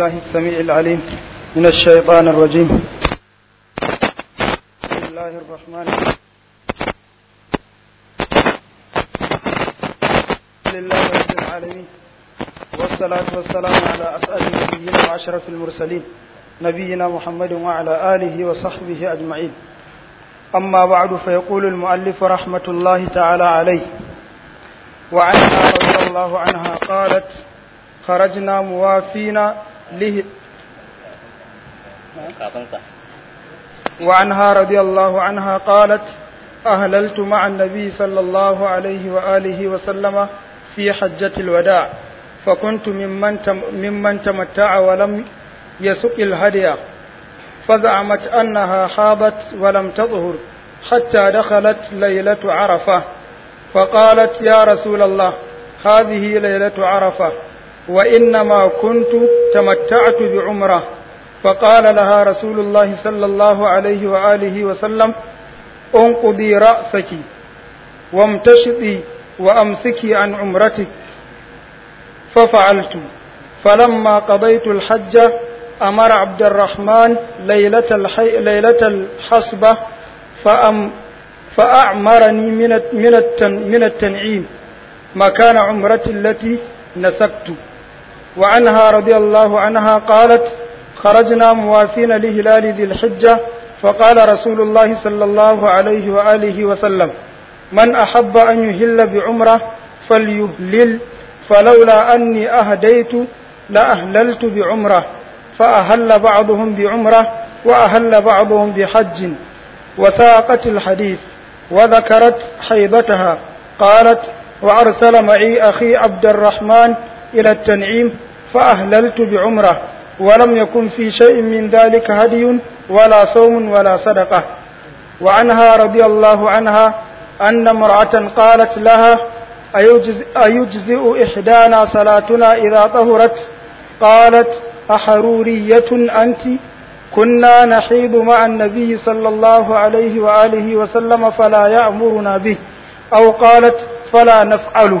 الله السميع العليم من الشيطان الرجيم بسم الله الرحمن الرحيم لله رب العالمين والصلاة والسلام على أسأل نبينا وأشرف المرسلين نبينا محمد وعلى آله وصحبه أجمعين أما بعد فيقول المؤلف رحمة الله تعالى عليه وعنها رضي الله عنها قالت خرجنا موافين وعنها رضي الله عنها قالت أهللت مع النبي صلى الله عليه وآله وسلم في حجة الوداع فكنت ممن, تم ممن تمتع ولم يسق الهدي فزعمت أنها خابت ولم تظهر حتى دخلت ليلة عرفة فقالت يا رسول الله هذه ليلة عرفة وإنما كنت تمتعت بعمرة فقال لها رسول الله صلى الله عليه وآله وسلم انقضي رأسك وامتشطي وأمسكي عن عمرتك ففعلت فلما قضيت الحج أمر عبد الرحمن ليلة, الحي... ليلة الحصبة فأم... فأعمرني من, الت... من التنعيم مكان عمرتي التي نسكت وعنها رضي الله عنها قالت خرجنا موافين لهلال ذي الحجة فقال رسول الله صلى الله عليه وآله وسلم من أحب أن يهل بعمره فليهلل فلولا أني أهديت لأهللت بعمره فأهل بعضهم بعمره وأهل بعضهم بحج وساقت الحديث وذكرت حيبتها قالت وأرسل معي أخي عبد الرحمن إلى التنعيم فأهللت بعمرة ولم يكن في شيء من ذلك هدي ولا صوم ولا صدقة وعنها رضي الله عنها أن امرأة قالت لها أيجزئ إحدانا صلاتنا إذا طهرت قالت أحرورية أنت كنا نحيض مع النبي صلى الله عليه وآله وسلم فلا يأمرنا به أو قالت فلا نفعله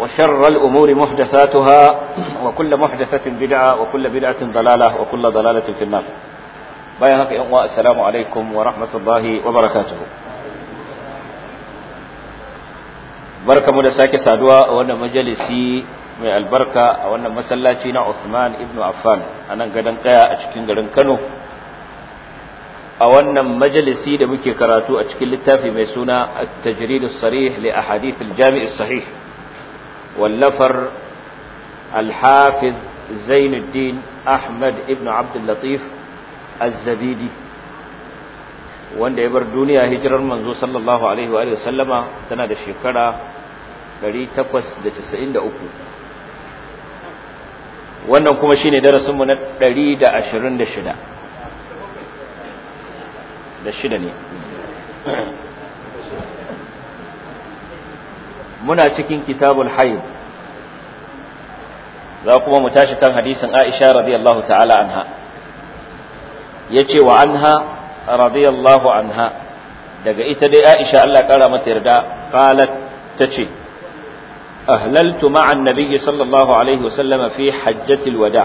وشر الأمور محدثاتها وكل محدثة بدعة وكل بدعة ضلالة وكل ضلالة في النار بيانك يوم السلام عليكم ورحمة الله وبركاته بركة مدساك سادوا وانا مجلسي من البركة وانا مسلاتينا عثمان ابن عفان أنا قدن قيا أشكين قدن كانوا a wannan majalisi da muke karatu a cikin littafi mai suna at-tajrid as-sarih li ahadith al-jami' as-sahih wallafar alhafiz zainuddin ahmad ibn abdullatif azzabidi wanda ya bar duniya hijirar manzo sallallahu alaihi wa sallama tana da shekara 893 wannan kuma shine darasinmu na 126 da shida muna cikin kitabul haid za kuma mu tashi kan hadisin Aisha radiyallahu ta'ala anha yace wa anha radiyallahu anha daga ita dai Aisha Allah kara mata yarda qalat tace ahlaltu ma'a an-nabiy sallallahu alaihi wasallam fi hajjatil wada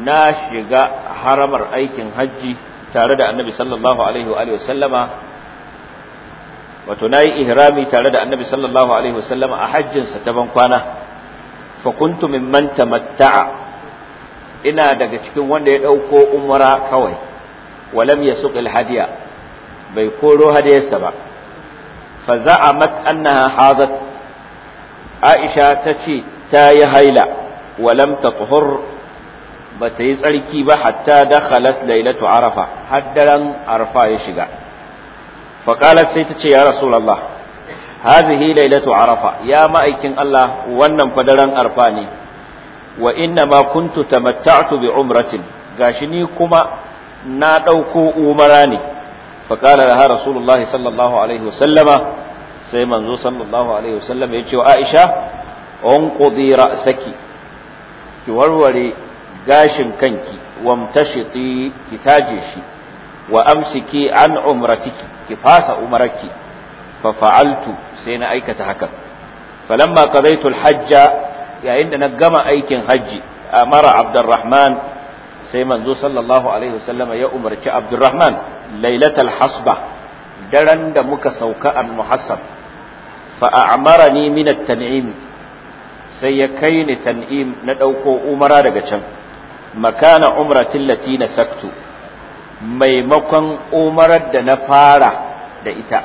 na shiga haramar aikin hajji tare da annabi sallallahu alaihi wa sallama. wato nayi ihrami tare da annabi sallallahu a hajjinsa ta ban kwana fa kuntu mimman ina daga cikin wanda ya dauko umara kawai walam yasuq alhadiya bai koro hadiyarsa ba fa za'amat annaha hadat aisha tace ta yi haila walam tatuhur ba ta yi tsarki ba hatta dakhalat lailatu arafa daren arfa ya shiga faƙalar sai ta ce ya rasulallah hazihi lailatu arafa ya ma'aikin Allah wannan fadaran arfa ne wa inna ma kuntu tamatta'tu bi umratin gashi ni kuma na ɗauko umara ne faƙalar ha rasulullah sallallahu alaihi wasallama sai manzo sallallahu alaihi wasallam ya ce wa aisha unqudi ra'saki ki warware gashin kanki wamtashiti ki taje shi wa amsiki an umratiki ki fasa umarki fa fa'altu sai na aikata haka falamma qadaytu al-hajja yayin da na gama aikin hajji amara abdurrahman sai manzo sallallahu alaihi wasallam ya umarci abdurrahman lailatal hasba daren da muka sauka an muhassab fa a'marani min at-tan'im sai ya kai ni tan'im na dauko umara daga can makana umratin lati na saktu maimakon umarar da na fara da ita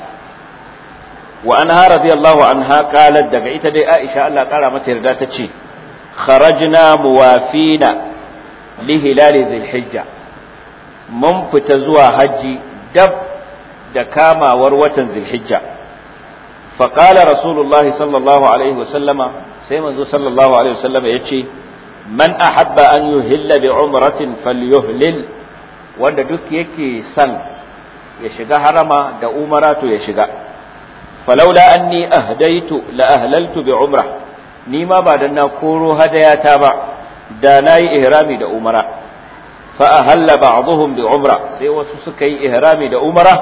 wa anha radiyallahu anha kalar daga ita dai Aisha Allah kara mata yarda ta ce kharajna muwafina li hilal hijja mun fita zuwa haji dab da kamawar watan dhilhijja fa qala rasulullah sallallahu alaihi sallama sai manzo sallallahu alaihi wasallama yace man ahabba an yuhilla bi umratin falyuhlil wanda duk yake san ya shiga harama da umara to ya shiga falaula anni ahdaitu la ahlaltu bi umra ni ma ba dan na koro hadayata ba da nayi ihrami da umara fa ahalla ba'dhum bi umra sai wasu suka yi ihrami da umara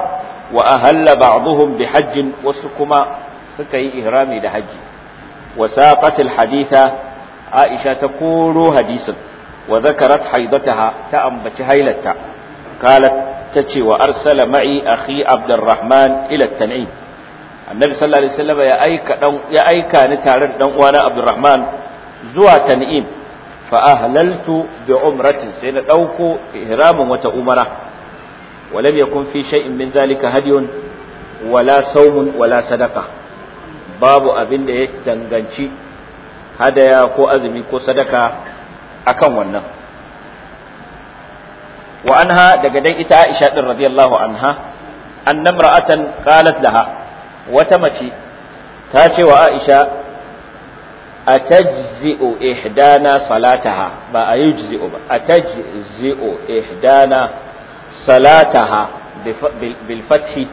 wa ahalla ba'dhum bi hajjin wasu kuma suka yi ihrami da haji wa saqatil haditha aisha ta koro hadisin wa zakarat haidataha ta ambaci hailarta qalat tace wa arsala ma'i akhi abdurrahman ila tan'im annabi sallallahu alaihi wasallam ya aika ya aika ni tare da dan uwana abdurrahman zuwa tan'im fa ahlaltu bi umratin sai na dauko ihramin wata umara walam yakun fi shay'in min zalika hadiyun wala saumun wala sadaka babu abin da ya danganci hadaya ko azumi ko sadaka akan wannan wa anha daga dan ita Aisha din radiyallahu anha anna imra'atan qalat laha wata mace ta ce wa Aisha atajzi'u ihdana salataha ba ayujzi'u ba atajzi'u ihdana salataha bil fathi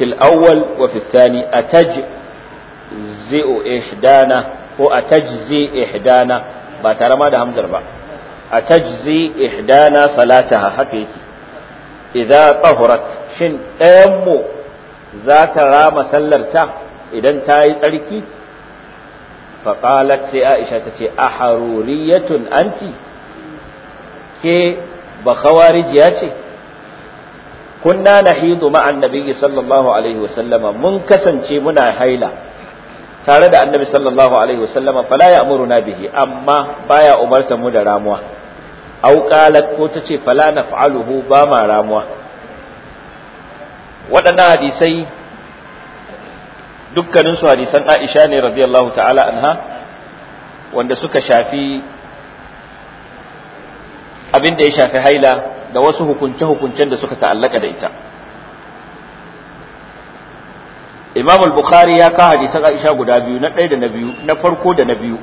fil awwal wa fil thani atajzi'u ihdana ko atajzi ihdana ba tare ma da hamzar ba a tajzi ihdana salataha haka yake idza tahurat shin ɗayan mu za ta rama sallarta idan ta yi tsarki faƙalat sai aisha ta ce a anti ke ba ce kunna na hidu ma'an sallallahu alaihi wasallama mun kasance muna haila tare da annabi sallallahu alaihi wasallama fala ya amuruna bihi amma baya umarta mu da ramuwa au qalat ko tace fala naf'aluhu ba ma ramuwa waɗannan hadisai dukkanin su hadisan Aisha ne radiyallahu ta'ala anha wanda suka shafi abin da ya shafi haila da wasu hukunce-hukuncen da suka ta'allaka da ita imam al-bukhari ya kawo hadisan aisha guda biyu na ɗaya da na biyu na farko da na biyu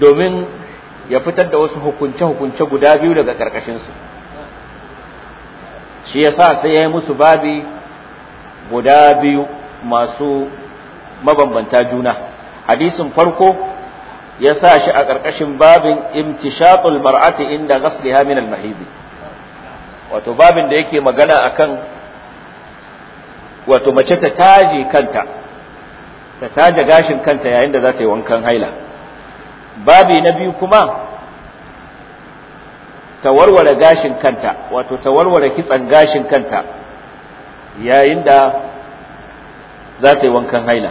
domin ya fitar da wasu hukunce-hukunce guda biyu daga ƙarƙashinsu shi ya sa sai ya yi musu babi guda biyu masu mabambanta juna hadisin farko ya sa shi a ƙarƙashin babin imtishaqul mar'ati inda ghasliha min al-mahid wato babin da yake magana akan wato mace ta taje kanta ta taje gashin kanta yayin da za ta yi wankan haila babi na biyu kuma ta warware gashin kanta wato ta warware kitsan gashin kanta yayin da za ta yi wankan haila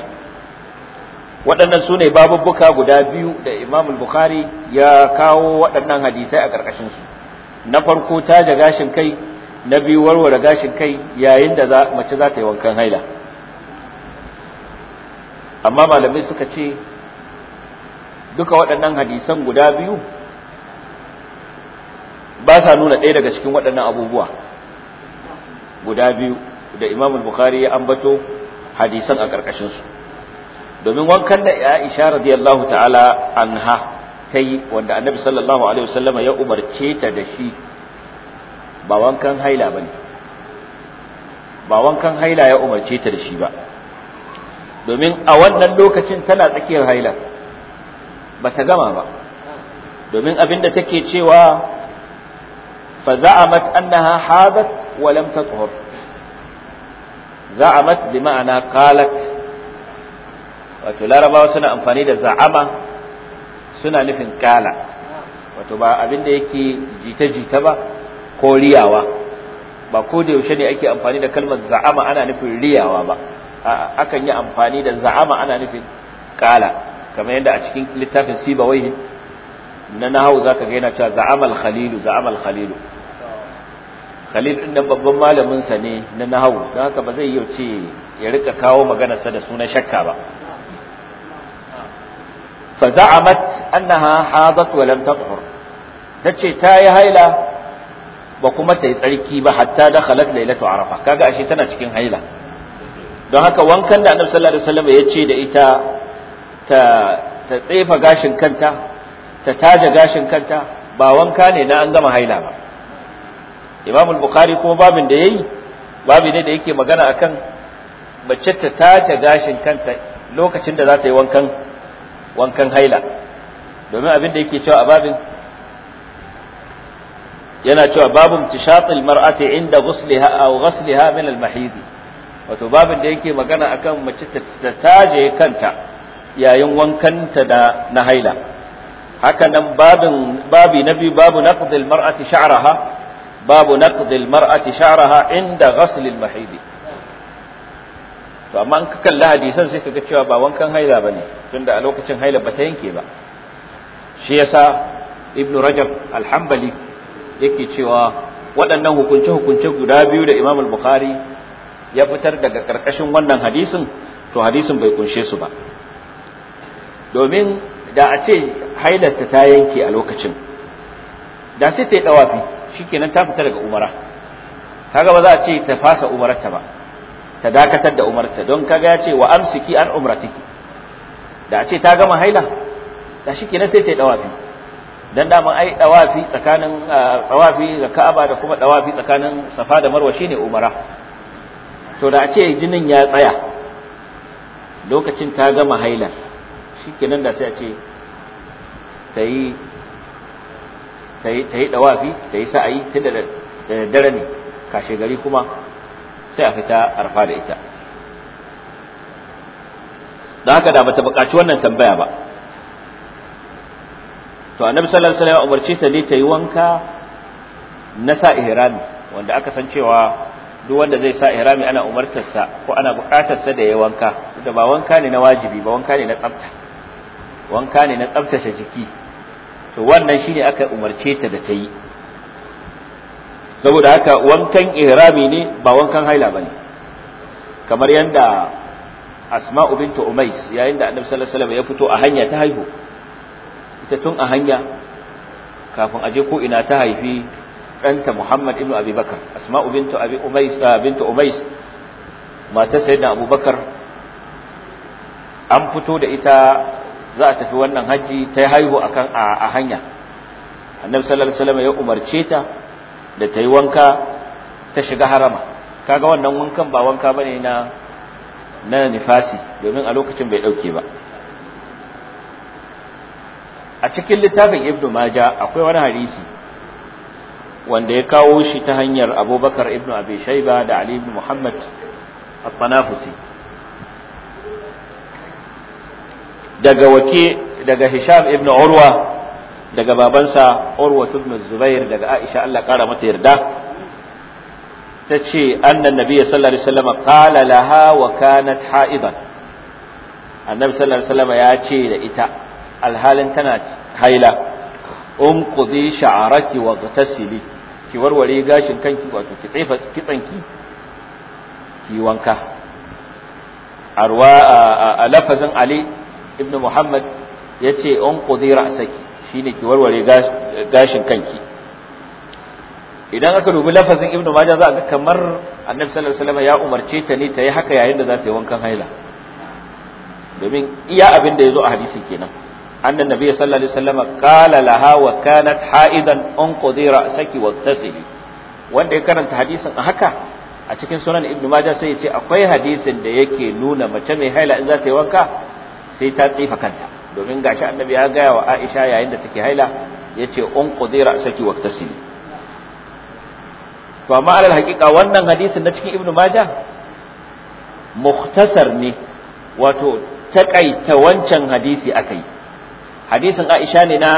waɗannan su ne babubbuka guda biyu da imam bukhari ya kawo waɗannan hadisai a ƙarƙashinsu na farko taje gashin kai na biyu warware gashin kai yayin da mace za ta yi wankan haila amma malamai suka ce duka waɗannan hadisan guda biyu ba sa nuna ɗaya daga cikin waɗannan abubuwa guda biyu da imam bukhari ya ambato hadisan a ƙarƙashinsu domin wankan da ya isha radiyallahu ta'ala an anha ta yi wanda annabi sallallahu alaihi wasallama ya umarce ta da shi ba wankan haila ba ne ba wankan haila ya umarce ta da shi ba domin a wannan lokacin tana tsakiyar haila Ba ta gama ba domin abin da take cewa fa za'amat annaha hadat wa lam tathur za'amat bi ma'ana qalat wato larabawa suna amfani da za'ama suna nufin kala wato ba abin abinda yake jita-jita ba ko riyawa ba ko da yaushe ne ake amfani da kalmar za'ama ana nufin riyawa ba akan yi amfani da za'ama ana nufin kala kamar yadda a cikin littafin sibawai na nahawu za ka gaina cewa za'amal khalilu za'amal khalilu khalil din nan babban malamin sa ne na nahawu don haka ba zai yi ce ya rika kawo maganar sa da sunan shakka ba fa za'amat annaha hadat wa lam tadhhur tace ta yi haila ba kuma ta yi tsarki ba hatta dakhalat lailatu arafa kaga ashe tana cikin haila don haka wankan da annabi sallallahu alaihi wasallam ya ce da ita ta ta tsefa gashin kanta ta taja gashin kanta ba wanka ne na an gama haila ba Imam al-Bukhari kuma babin da yayi babi ne da yake magana akan mace ta taja gashin kanta lokacin da za ta yi wankan wankan haila domin abin da yake cewa a babin yana cewa babu tishatil mar'ati inda ghusliha aw ghusliha min al-mahidi wato babin da yake magana akan mace ta taje kanta yayin wankanta da na haila haka nan babin babi na biyu babu naqd al mar'ati sha'raha babu naqd mar'ati sha'raha inda ghasl al mahidi to amma an ka hadisan sai kaga cewa ba wankan haila bane tunda a lokacin haila ba ta yanke ba shi yasa ibnu rajab al-hanbali yake cewa waɗannan hukunce-hukunce guda biyu da imam al-bukhari ya fitar daga ƙarƙashin wannan hadisin to hadisin bai kunshe su ba domin da a ce hailarta ta yanke a lokacin da sai ta yi dawafi shikenan ta fita daga umara kaga ba za a ce ta fasa umarta ba ta dakatar da umarta don kaga ya ce wa amsiki an umratiki da a ce ta gama haila da shikenan sai ta yi dawafi dan a ai dawafi tsakanin tsawafi ga Ka'aba da kuma dawafi tsakanin Safa da Marwa shine umara to da a ce jinin ya tsaya lokacin ta gama hailar shikenan da sai a ce tayi yi tayi dawafi tayi sa'ayi tun da daddare ne kashe gari kuma sai a fita arfa da ita da haka da bata bukaci wannan tambaya ba to annabi sallallahu alaihi wasallam umarce ta ne ta yi wanka na sa ihrami wanda aka san cewa duk wanda zai sa ihrami ana umartarsa ko ana bukatarsa da ya wanka da ba wanka ne na wajibi ba wanka ne na tsafta wanka ne na tsabtace jiki to wannan shine aka umarce ta da ta yi saboda haka wankan ihrami ne ba wankan haila bane kamar yadda asma'u bintu umais yayin da annabi sallallahu alaihi wasallam ya fito a hanya ta haihu ita tun a hanya kafin aje ko ina ta haifi ɗanta muhammad ibnu abubakar asma'u bintu abi umais ah, bintu umais matar sayyidina abubakar an fito da ita za a tafi wannan haji ta haihu akan a hanya annabi sallallahu alaihi wasallam ya umarce ta da ta yi wanka ta shiga harama kaga wannan wankan ba wanka bane na na nifasi domin a lokacin bai dauke ba a cikin littafin ibnu maja akwai wani hadisi wanda ya kawo shi ta hanyar abubakar ibnu abi shaiba da ali ibn muhammad at-tanafusi daga wake daga hisham ibn urwa daga babansa urwa ibn zubair daga aisha Allah kara mata yarda tace ce annan nabi sallallahu alaihi wasallam qala laha wa kanat haidan annabi sallallahu alaihi wasallam ya ce da ita alhalin tana haila umqudi sha'araki wa ghtasili ki warware gashin kanki wato ki tsefa kitsanki ki wanka arwa a lafazin ali ibnu muhammad yace on kudira saki shine ki warware gashin kanki idan aka dubi lafazin ibnu majah za ga kamar annabi sallallahu alaihi wasallam ya umarce ta ne ta yi haka yayin da za ta yi wankan haila domin iya abin da zo a hadisi kenan annan nabi sallallahu alaihi wasallam qala laha wa kanat haidan kudira saki wa tasili wanda ya karanta hadisin a haka a cikin sunan ibnu majah sai ya ce akwai hadisin da yake nuna mace mai haila in za ta yi wanka sai ta tsifa kanta domin gashi annabi ya gaya wa Aisha yayin da take haila yace un qudira saki waqtasili to amma alal wannan hadisin na cikin ibnu majah mukhtasar ne wato takaita wancan hadisi akai hadisin Aisha ne na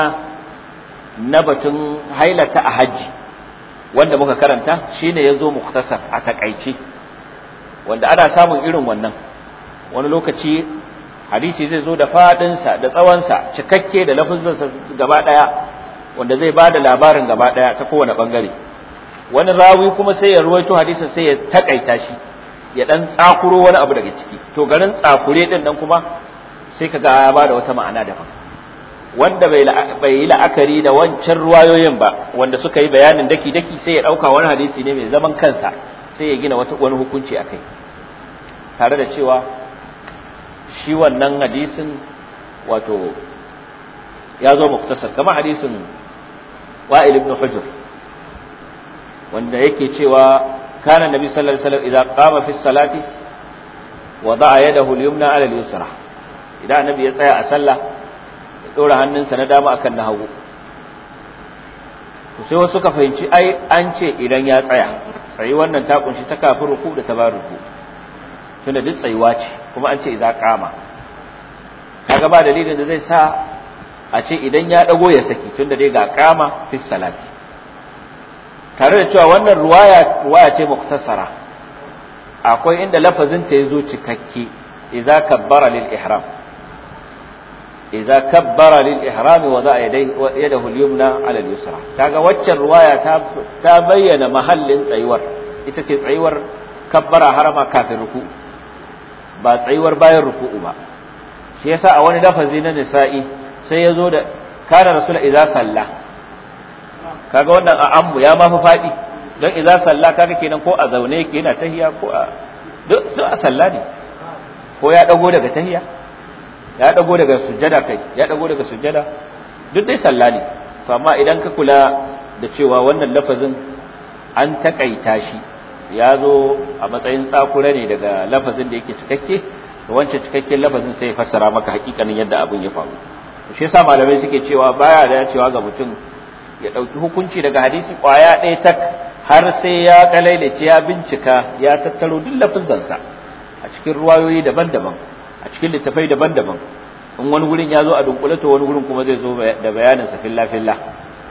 na batun hailata a hajji wanda muka karanta shine yazo mukhtasar a takaice wanda ana samun irin wannan wani lokaci hadisi zai zo da sa da tsawonsa cikakke da lafazansa gaba ɗaya wanda zai ba da labarin gaba ɗaya ta kowane ɓangare wani rawi kuma sai ya ruwaito hadisin sai ya takaita shi ya ɗan tsakuro wani abu daga ciki to garin tsakure ɗin nan kuma sai ka ga ya ba da wata ma'ana daban wanda bai yi la'akari da wancan ruwayoyin ba wanda suka yi bayanin daki-daki sai ya ɗauka wani hadisi ne mai zaman kansa sai ya gina wani hukunci a kai tare da cewa shi wannan hadisin wato ya zo muktasar kama hadisin wa'il ibn hujr wanda yake cewa kana nabi sallallahu alaihi wasallam idan qama fi salati wada'a a al-yumna 'ala yusra idan annabi ya tsaya a sallah ya ɗora hannunsa na dama akan na hagu sai wasu suka fahimci ai an ce idan ya tsaya tsayi wannan ta kunshi ta kafin ruku da ta ba ruku tunda duk tsayuwa ce kuma an ce idza qama kaga ba dalilin da zai sa a ce idan ya dago ya saki tunda dai ga qama fi salati tare da cewa wannan ruwaya ruwaya ce muktasara akwai inda lafazin ta yazo cikakke idza kabbara lil ihram idza kabbara lil ihram wa da'a yadahu al yumna ala al yusra kaga waccan ruwaya ta ta bayyana mahallin tsayuwar ita ce tsayuwar kabbara harama kafin ruku' ba tsayuwar bayan ruku'u ba shi yasa a wani lafazi na nisa'i sai ya zo da kana rasul idza salla kaga wannan a ammu ya ma fadi don idza salla kaga kenan ko a zaune yake yana tahiya ko a duk a salla ne ko ya dago daga tahiya ya dago daga sujjada kai ya dago daga sujjada duk dai salla ne amma idan ka kula da cewa wannan lafazin an takaita shi ya zo a matsayin tsakura ne daga lafazin da yake cikakke da wancan cikakken lafazin sai ya fassara maka hakikanin yadda abin ya faru shi yasa malamai suke cewa baya da cewa ga mutum ya ɗauki hukunci daga hadisi kwaya ɗaya tak har sai ya kalailace ya bincika ya tattaro duk lafazansa a cikin ruwayoyi daban-daban a cikin littafai daban-daban in wani wurin ya zo a dunkule to wani wurin kuma zai zo da bayanin sa filla filla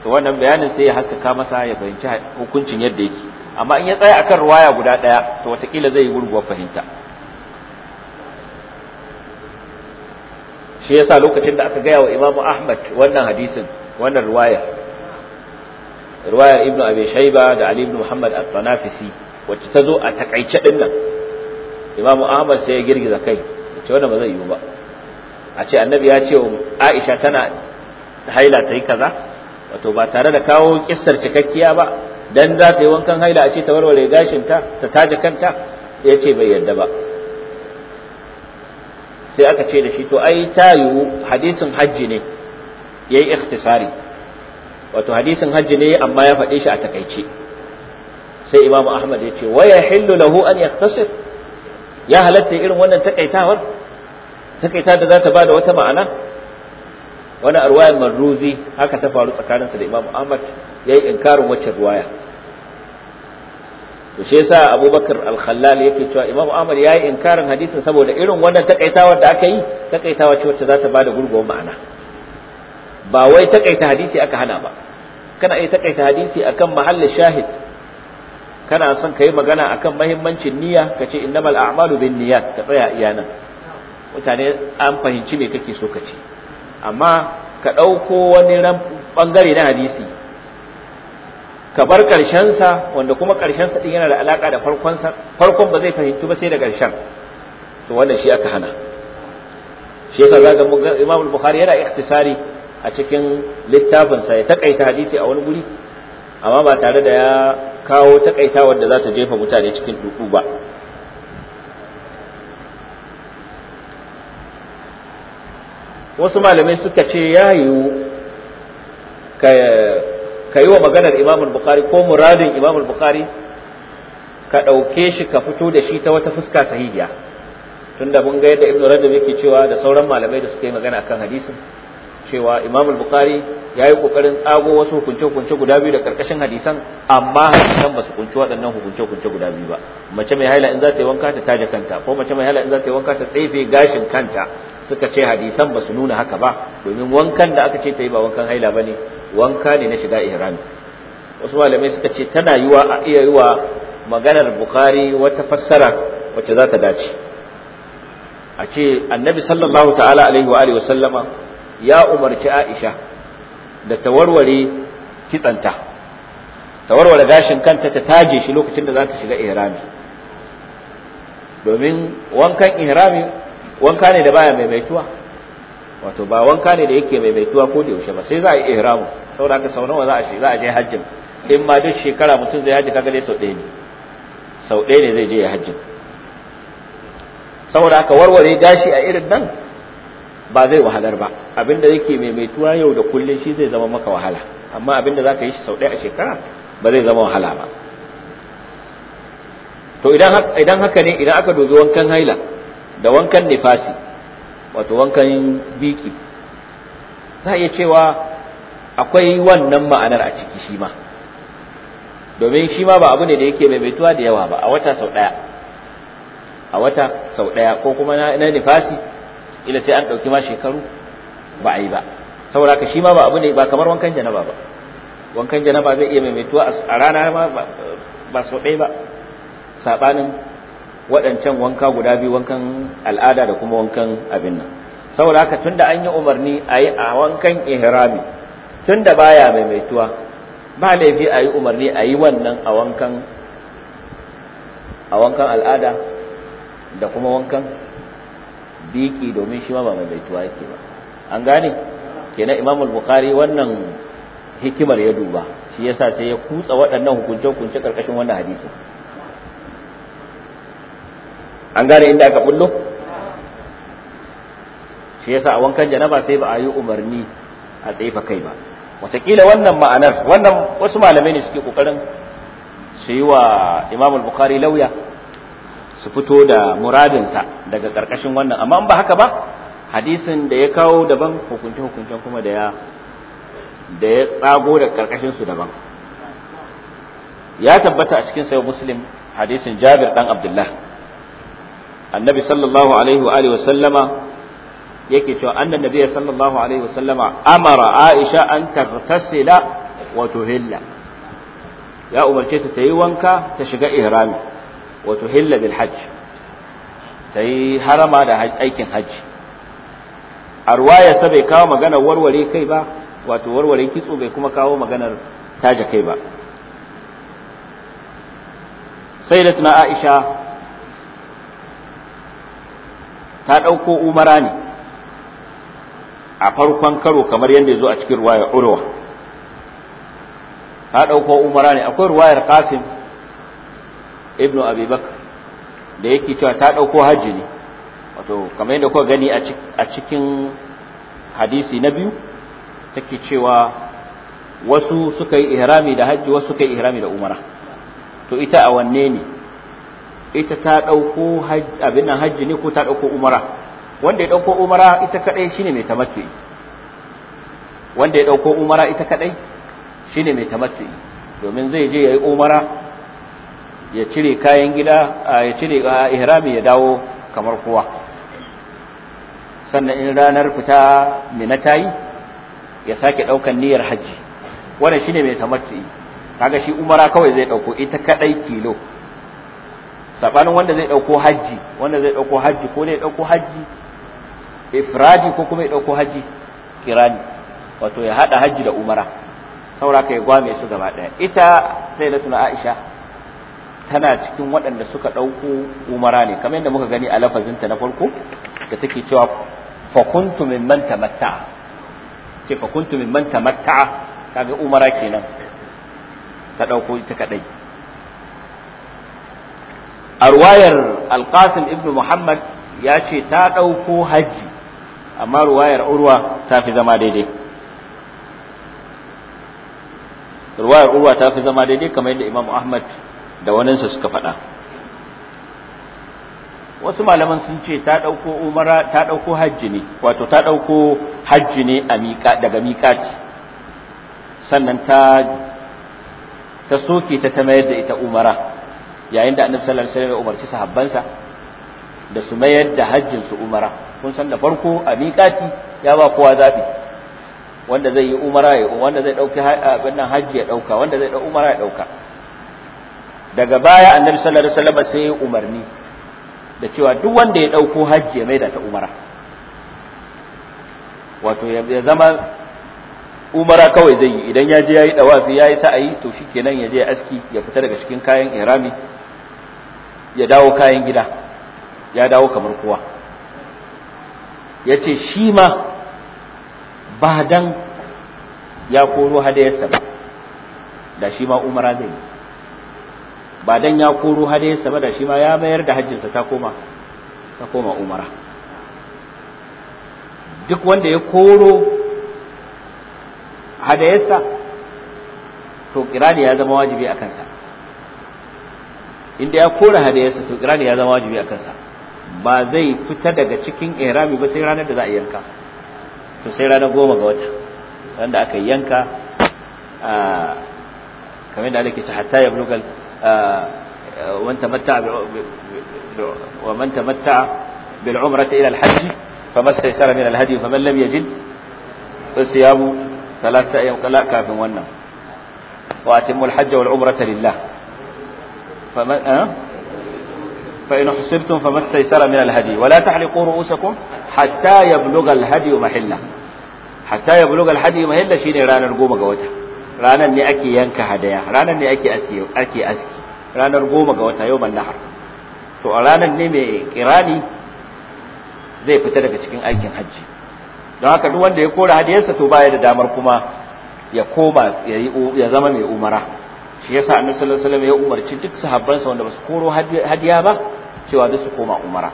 to wannan bayanin sai ya haskaka masa ya fahimci hukuncin yadda yake amma in ya tsaya akan ruwaya guda ɗaya to watakila zai yi gurguwar fahimta shi yasa lokacin da aka gaya wa imamu ahmad wannan hadisin wannan ruwaya ruwayar ibn abi shaiba da ali ibn muhammad at-tanafisi wacce ta zo a takaice din nan imamu ahmad sai ya girgiza kai wacce ce wannan ba zai yiwu ba a ce annabi ya ce aisha tana haila ta yi kaza wato ba tare da kawo kissar cikakkiya ba dan za ta yi wankan haila a ce ta warware gashinta ta taje kanta ya ce bai yarda ba sai aka ce da shi to ai ta yiwu hadisin hajji ne ya yi ikhtisari wato hadisin hajji ne amma ya faɗe shi a takaice sai imamu ahmad ya ce waya hillu lahu an yaktasir ya halatta irin wannan takaitawar takaita da za ta bada wata ma'ana wani arwayar marruzi haka ta faru tsakaninsa da imamu ahmad ya yi inkarin wacce ruwaya to shi yasa abubakar al-khallal yake cewa imam ahmad yayi inkarin hadisin saboda irin wannan takaitawar da aka yi takaitawa ce wacce za ta bada gurguwar ma'ana ba wai takaita hadisi aka hana ba kana iya takaita hadisi akan mahallin shahid kana son ka yi magana akan mahimmancin niyya ka ce innamal a'malu bin niyyat ka tsaya iya nan mutane an fahimci me kake so ka ce amma ka ɗauko wani ran bangare na hadisi ka bar sa wanda kuma sa din yana da alaka da farkonsa farkon ba zai fahimtu ba sai da ƙarshen to wannan shi aka hana shi yasa zaga Imam Bukhari yana ikhtisari a cikin littafinsa ya takaita hadisi a wani guri amma ba tare da ya kawo takaitawar da za ta jefa mutane cikin duku ba wasu malamai suka ce ya yiwu ka ka yi wa maganar imamul bukari ko muradin imamul bukari ka ɗauke shi ka fito da shi ta wata fuska sahihiya tunda mun ga yadda ibn rajab yake cewa da sauran malamai da suka yi magana akan hadisin cewa imamul bukari ya yi kokarin tsago wasu hukunce-hukunce guda biyu da karkashin hadisan amma hadisan ba su kunci waɗannan hukunce-hukunce guda biyu ba mace mai haila in za ta yi wanka ta taje kanta ko mace mai haila in za ta yi wanka ta tsefe gashin kanta suka ce hadisan ba su nuna haka ba domin wankan da aka ce ta yi ba wankan haila ba ne wanka ne na shiga ihrami wasu malamai suka ce tana yiwa a iya yiwa maganar bukhari wata fassara wacce za ta dace a ce annabi sallallahu ta'ala alaihi wa alihi sallama ya umarci aisha da ta warware kitsanta ta warware gashin kanta ta taje shi lokacin da za ta shiga ihrami domin wankan ihrami wanka ne da baya maimaituwa wato ba wanka ne da yake maimaituwa ko da yaushe ba sai za a yi ihramu saboda haka sau nawa za a za a je hajjin in ma duk shekara mutum zai hajji kaga dai sau ɗaya ne sau ɗaya ne zai je ya hajjin saboda haka warware gashi a irin nan ba zai wahalar ba abinda yake maimaituwa yau da kullum shi zai zama maka wahala amma abinda za ka yi shi sau ɗaya a shekara ba zai zama wahala ba to idan haka ne idan aka dubi wankan haila da wankan nifasi wato wankan biki za iya cewa akwai wannan ma'anar a ciki shi ma domin shi ma ba abu ne da yake maimaituwa da yawa ba a wata sau ɗaya a wata sau ɗaya ko kuma na nifasi ila sai an ɗauki ma shekaru ba a yi ba saboda ka shi ma ba abu ne ba kamar wankan janaba ba wankan janaba zai iya maimaituwa a rana ba sau ɗaya ba saɓanin waɗancan wanka guda biyu wankan al'ada da kuma wankan abin nan saboda haka tunda an yi umarni a yi a wankan ihrami tunda baya maimaituwa ba laifi a yi umarni a yi wannan a wankan a wankan al'ada da kuma wankan biki domin shi ma ba maimaituwa yake ba an gane kenan imamul bukhari wannan hikimar ya duba shi yasa sai ya kutsa waɗannan hukunce-hukunce ƙarƙashin wannan hadisi an gane inda aka bullo shi yasa a wankan janaba sai ba a yi umarni a tsefa kai ba watakila wannan ma'anar wannan wasu malamai ne suke kokarin su yi wa imam bukhari lauya su fito da muradinsa daga karkashin wannan amma in ba haka ba hadisin da ya kawo daban hukunce-hukuncen kuma da ya da ya tsago da karkashin su daban ya tabbata a cikin sayo muslim hadisin jabir dan abdullah annabi sallallahu alaihi wa alihi yake cewa annan nabi sallallahu alaihi wasallama amara aisha an taghtasila wa tuhilla ya umarce ta tayi wanka ta shiga ihrami wa tuhilla bil hajj tayi harama da aikin hajji a ruwaya sa bai kawo maganar warware kai ba wato warware kitso bai kuma kawo maganar taja kai ba sayyidatuna aisha ta ɗauko umara ne a farkon karo kamar yadda ya zo a cikin ruwayar urwa ta ɗauko umara ne akwai ruwayar qasim ibnu Abibak da yake cewa ta ɗauko hajji ne wato kamar yadda kuka gani a cikin hadisi na biyu take cewa wasu suka yi ihrami da hajji wasu suka yi ihrami da umara to ita a wanne ne ita ta ɗauko abin nan hajji ne ko ta ɗauko umara wanda ya ɗauko umara ita kaɗai shine mai tamattu'i wanda ya ɗauko umara ita kaɗai shine mai tamattu'i domin zai je ya yi umara ya cire kayan gida ya cire ihrami ya dawo kamar kowa sannan in ranar fita mina ta yi ya sake ɗaukan niyyar hajji wannan shine mai tamattu'i kaga shi umara kawai zai ɗauko ita kaɗai kilo sabanin wanda zai dauko haji wanda zai dauko haji ko ne ya dauko haji ifradi ko kuma ya dauko haji kirani wato ya hada haji da umara saura kai gwame su gaba daya ita sai na tuna Aisha tana cikin waɗanda suka ɗauko umara ne kamar yadda muka gani a lafazin ta na farko da take cewa fa min man tamatta ce fa min man tamatta kaga umara kenan ta ɗauko ita kadai a ruwayar alƙasim ibn muhammad ya ce ta ɗauko hajji amma ruwayar urwa ta fi zama daidai ruwayar urwa ta fi zama daidai kamar yadda imamu ahmad da waninsa suka faɗa wasu malaman sun ce ta ɗauko umara ta ɗauko hajji ne wato ta ɗauko hajji ne daga miƙaci sannan ta ta soke ta ta mayar da ita umara yayin da annabi sallallahu alaihi wasallam ya umarci sahabbansa da su mayar da hajjin su umara kun san da farko a miƙati ya ba kowa zabi wanda zai yi umara ya wanda zai dauki abin nan hajji ya dauka wanda zai dauki umara ya dauka daga baya annabi sallallahu alaihi wasallam sai ya umarni da cewa duk wanda ya dauko hajji ya maida ta umara wato ya zama umara kawai zai yi idan ya je yayi dawafi yayi sa'ayi to shikenan ya je aski ya fita daga cikin kayan irami ya dawo kayan gida ya dawo kamar kowa ya ce shi ma ba dan ya koro hadayarsa ba da shi ma umara zai yi ba dan ya koro hadayarsa ba da shi ma ya mayar da hajjinsa ta koma ta koma umara duk wanda ya koro hadayarsa to kirani ya zama wajibi a kansa inda ya kora hadayarsa to irani ya zama wajibi a kansa ba zai fita daga cikin irami ba sai ranar da za a yanka to sai ranar goma ga wata wanda aka yanka kamar da alaƙi ta hatta ya bulugal ila تمتع wannan wa umrata lillah فمن أه؟ فإن حصرتم فما استيسر من الهدي ولا تحلقوا رؤوسكم حتى يبلغ الهدي محله حتى يبلغ الهدي محله شيني ranar goma ga wata ranar ne ake yanka hadaya ranar ne ake aski ranar goma ga wata yawmal nahar to a ranar ne mai kirani zai fita daga cikin aikin hajji don haka duk wanda ya kora hadiyarsa to baya da damar kuma ya koma ya zama mai umara shi yasa annabi sallallahu alaihi wasallam ya umarci duk sahabbansa wanda basu koro hadiya ba cewa su koma umara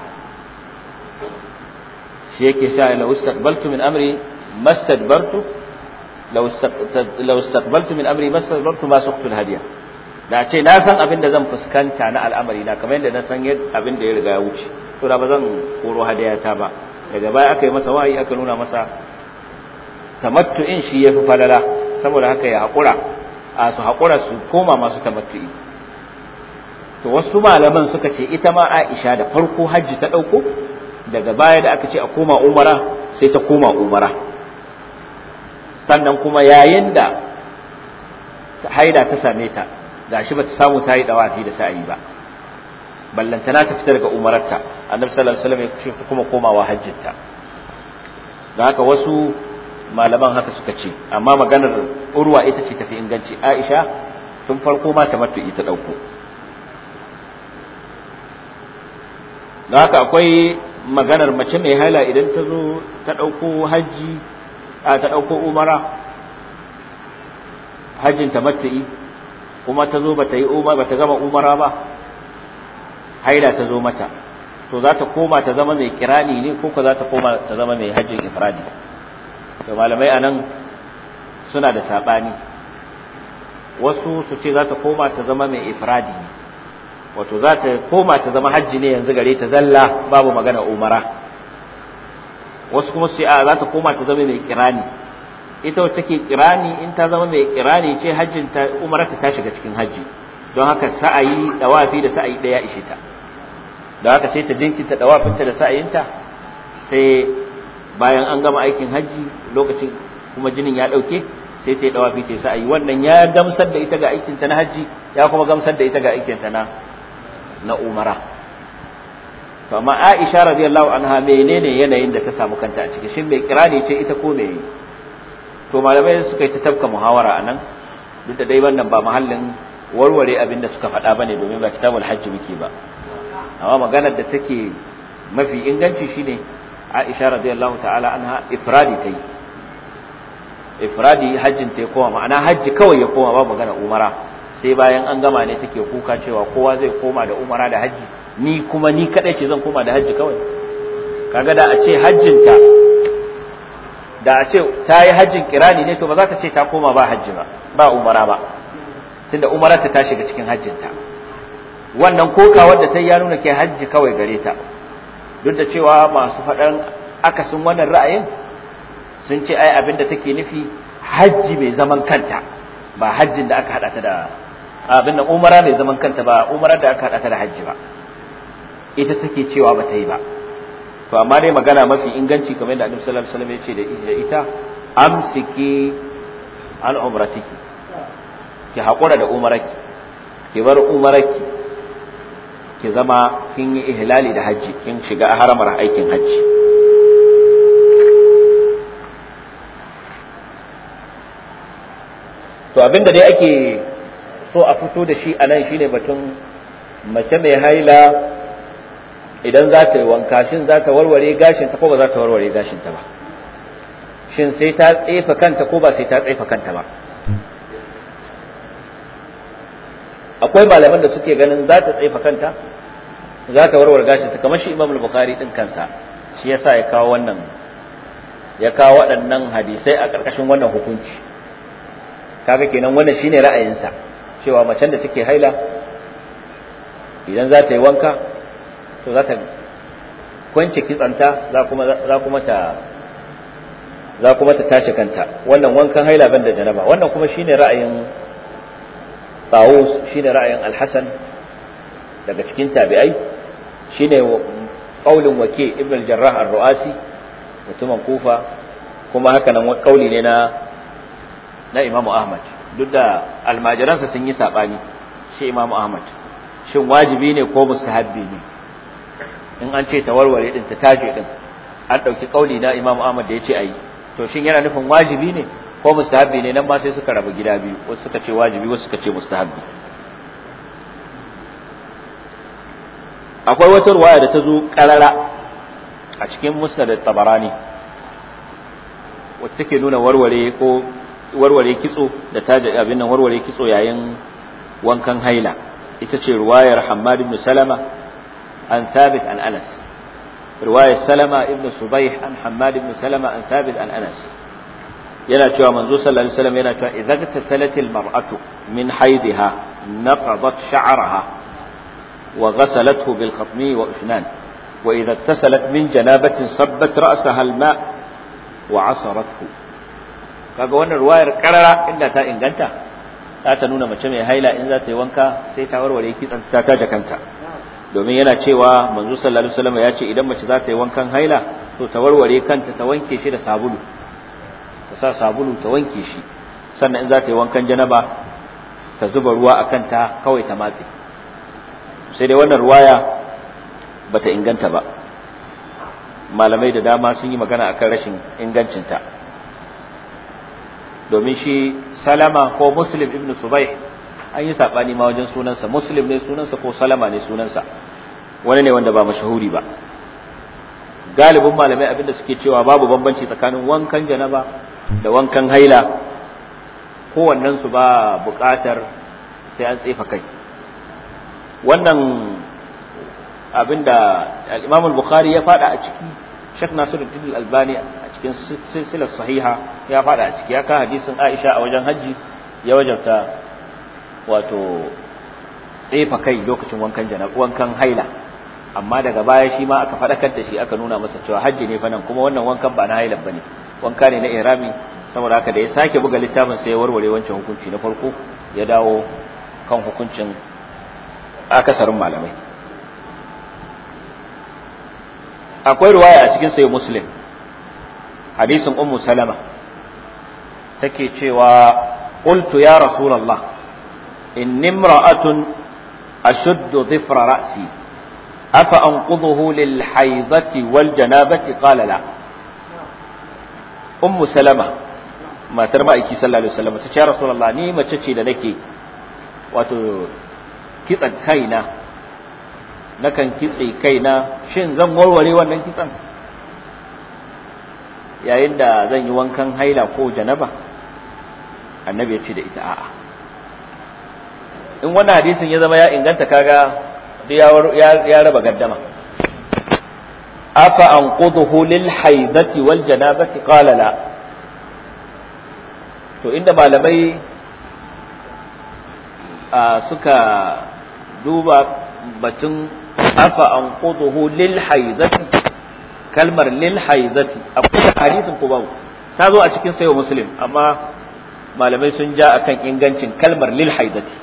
shi yake sha ila ustaqbaltu min amri mastadbartu law istaqbaltu min amri mastadbartu ma suqtu alhadiya da ce na san abin da zan fuskanta na al'amari na kamar yadda na san abin da ya riga ya wuce to da ba zan koro hadiya ta ba daga baya aka yi masa wahayi aka nuna masa matu'in shi ya fi falala saboda haka ya hakura a su haƙura su koma masu tamattu'i to wasu malaman suka ce ita ma Aisha da farko hajji ta ɗauko daga baya da aka ce a koma umara sai ta koma umara sannan kuma yayin da haida ta same ta gashi ta samu ta yi dawafi da sa'i ba ballantana ta fitar daga umararta annabi sallallahu alaihi wasallam ya ce kuma komawa hajjinta da haka wasu malaman haka suka ce amma maganar urwa ita ce tafi inganci aisha tun farko ma tamattu ita dauko da haka akwai maganar mace mai haila idan ta zo ta dauko haji a ta dauko umara hajjin tamattu'i kuma ta zo bata yi umara bata gama umara ba haila ta zo mata to za ta koma ta zama mai kirani ne ko ko za ta koma ta zama mai hajjin ifradi to malamai anan suna da saɓani wasu su ce za ta koma ta zama mai ifradi wato za ta koma ta zama hajji ne yanzu gare ta zalla babu magana umara wasu kuma su ce a za ta koma ta zama mai kirani ita wacce ke kirani in ta zama mai kirani ce hajjin ta umara ta ga cikin hajji don haka sa'ayi dawafi da sa'ayi daya ishe ta don haka sai ta jinkita dawafinta da sa'ayinta sai bayan an gama aikin hajji lokacin kuma jinin ya dauke sai ta yi dawafi ta sa'ayi wannan ya gamsar da ita ga aikinta na hajji ya kuma gamsar da ita ga aikinta na na umara to amma Aisha radiyallahu anha menene yanayin da ta samu kanta a ciki shin mai kirani ce ita ko me to malamai suka yi ta tafka muhawara anan duk da dai wannan ba mahallin warware abin da suka faɗa bane domin ba kitabul hajji muke ba amma maganar da take mafi inganci shine Aisha radiyallahu ta'ala anha ifradi tayi ifradi hajjin ta koma ma'ana hajji kawai ya koma ba magana umara sai bayan an gama ne take kuka cewa kowa zai koma da umara da hajji ni kuma ni kadai ce zan koma da hajji kawai kaga da a ce hajjin ta da a ce ta yi hajjin kirani ne to ba za ka ce ta koma ba hajji ba ba umara ba tunda umara ta ta shiga cikin hajjin ta wannan koka wanda ta ya nuna ke hajji kawai gare ta duk da cewa masu faɗan akasin wannan ra'ayin sun ce ai abinda take nufi hajji mai zaman kanta ba hajjin da aka hada ta da abin umara mai zaman kanta ba umara da aka hada ta da hajji ba ita take cewa ba ta yi ba to amma dai magana mafi inganci kamar yadda Annabi sallallahu alaihi wasallam ya ce da ita amsiki al-umratiki ki hakura da umaraki ki bar umaraki ki zama kin yi ihlali da hajji kin shiga haramar aikin hajji to abinda dai ake so a fito da shi a nan shine batun mace mai haila idan za ta yi wanka shin za ta warware gashinta ko ba za ta warware gashinta ba shin sai ta tsefa kanta ko ba sai ta tsefa kanta ba akwai malaman da suke ganin za ta tsefa kanta za ta warware gashinta kamar shi imam bukhari din kansa shi yasa ya kawo wannan ya kawo waɗannan hadisai a ƙarƙashin wannan hukunci kaga kenan wannan shine ra'ayinsa cewa macen da take haila idan za ta yi wanka to za ta kwance kitsanta za kuma ta za kuma ta tace kanta wannan wankan haila ban da janaba wannan kuma shine ra'ayin Tawus shine ra'ayin Alhassan daga cikin tabi'ai shine qaulin wake Ibn jarrah ar-Ru'asi mutumin Kufa kuma haka nan kauli ne na na imamu ahmad duk da almajiransa sun yi saɓani shi imamu ahmad shin wajibi ne ko mustahabbi ne in an ce ta warware ɗin ta taje ɗin an ɗauki ƙauli na imamu ahmad da ya ce a yi to shin yana nufin wajibi ne ko mustahabbi ne nan ma sai suka raba gida biyu wasu suka ce wajibi wasu suka ce mustahabbi akwai wata ruwaya da ta zo ƙarara a cikin musnad tabarani wacce take nuna warware ko warware kitso da taja abin nan warware kitso yayin wankan haila ita ce riwayar Hammad ibn Salama an Thabit an Anas riwayar Salama ibn Subayh an Hammad ibn Salama an Thabit an Anas yana cewa manzo sallallahu alaihi wasallam yana cewa idza tasalatil mar'atu min haidha naqadat sha'raha wa ghasalathu bil khatmi wa ifnan wa idza tasalat min janabatin sabbat ra'saha al ma' wa 'asaratuhu kaga wannan ruwayar karara inda ta inganta za ta nuna mace mai haila in za ta yi wanka sai ta warware kitsan ta taje kanta domin yana cewa manzo sallallahu alaihi wasallam ya ce idan mace za ta yi wankan haila to ta warware kanta ta wanke shi da sabulu ta sa sabulu ta wanke shi sannan in za ta yi wankan janaba ta zuba ruwa a kanta kawai ta matse sai dai wannan ruwaya bata inganta ba malamai da dama sun yi magana akan rashin ingancinta domin shi salama ko muslim ibn subai an yi saɓani ma wajen sunansa muslim ne sunansa ko salama ne sunansa wani ne wanda ba mashahuri ba galibin malamai abinda suke cewa babu bambanci tsakanin wankan janaba da wankan haila kowannen su ba buƙatar sai an tsefa kai wannan abinda al-Imam bukhari ya faɗa a ciki Sheikh Nasiruddin Al-Albani a cikin silsilar sahiha ya fada a ciki ya ka hadisin Aisha a wajen haji ya wajabta wato tsefa kai lokacin wankan janab wankan haila amma daga baya shi ma aka fadakar da shi aka nuna masa cewa haji ne fa nan kuma wannan wankan ba na haila bane wanka ne na irami saboda haka da ya sake buga littafin sai ya warware wancan hukunci na farko ya dawo kan hukuncin akasarin malamai akwai ruwaya a cikin sayi muslim hadisin ummu salama take cewa qultu ya rasulullah inni imra'atun ashuddu dhifra ra'si afa anqudhuhu lil haidati wal janabati qala la ummu salama matar ma'aiki sallallahu alaihi wasallam ta ce ya rasulullah ni mace ce da nake wato kitsan kaina nakan kitse kaina shin zan warware wannan kitsan yayin da zan yi wankan haila ko janaba annabi ya ce da ita a'a in wannan hadisin ya zama ya inganta kaga ya raba gaddama afa anquduhu lil haidati wal janabati qala la to inda malamai suka duba batun afa anquduhu lil haizati kalmar lil haizati akwai hadisin ko babu ta zo a cikin sayo muslim amma malamai sun ja akan ingancin kalmar lil haizati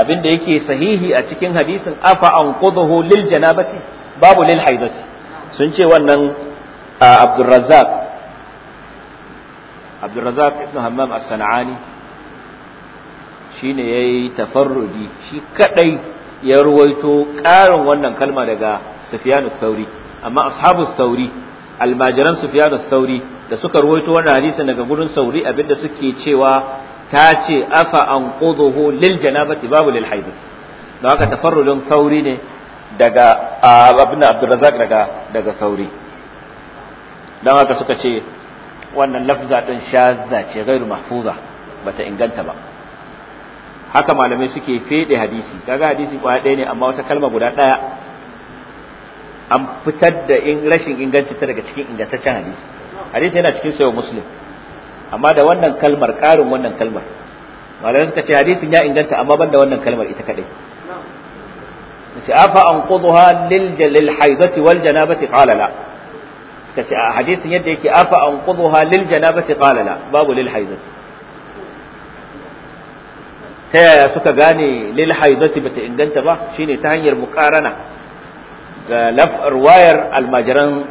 abinda yake sahihi a cikin hadisin afa anquduhu lil janabati babu lil haizati sun ce wannan abdurrazzaq abdurrazzaq ibn hammam as-sanani shine yayi tafarrudi shi kadai ya ruwaito ƙarin wannan kalma daga sufyan sauri amma ashabu sauri almajiran sufyan sauri da suka ruwaito wannan hadisin daga gurin sauri abinda suke cewa ta ce afa an quduhu lil janabati babu lil haidati Da haka tafarrudin sauri ne daga abin daga daga sauri don haka suka ce wannan lafza din shazza ce gairu mahfuza bata inganta ba haka malamai suke fede hadisi kaga hadisi kwaya ɗaya ne amma wata kalma guda ɗaya an fitar da in rashin inganci ta daga cikin ingantaccen hadisi hadisi yana cikin sayo muslim amma da wannan kalmar ƙarin wannan kalmar malamai suka ce hadisin ya inganta amma ban da wannan kalmar ita kadai nace afa anquduha lil jalil haidati wal janabati qala la suka ce a hadisin yadda yake afa anquduha lil janabati qala la babu lil haidati ta yaya suka gane lil haidati bata inganta ba shine ta hanyar muqarana ga laf wayar almajiran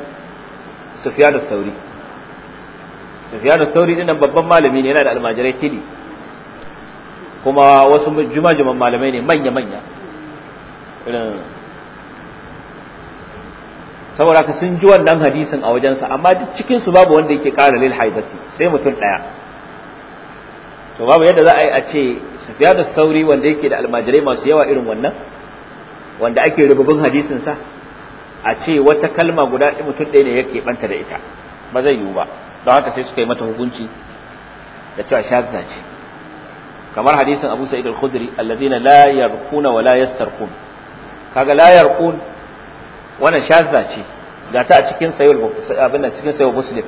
Sufyan sauri Sufyan sauri dinnan babban malami ne yana da almajirai tili kuma wasu juma-juman malamai ne manya-manya irin saboda ka sun ji wannan hadisin a wajensa amma duk cikin su babu wanda yake ƙara lil haidati sai mutum ɗaya to babu yadda za a yi a ce sufyan da sauri wanda yake da almajirai masu yawa irin wannan wanda ake rububin hadisin sa a ce wata kalma guda ɗaya mutum ɗaya ne yake banta da ita ba zai yiwu ba don haka sai suka yi mata hukunci da cewa shazna ce kamar hadisin Abu Sa'id al-Khudri alladhina la yarquna wa la yastarqun kaga la yarqun wannan shazna ce ga ta a cikin sayyid abin cikin sayyid Muslim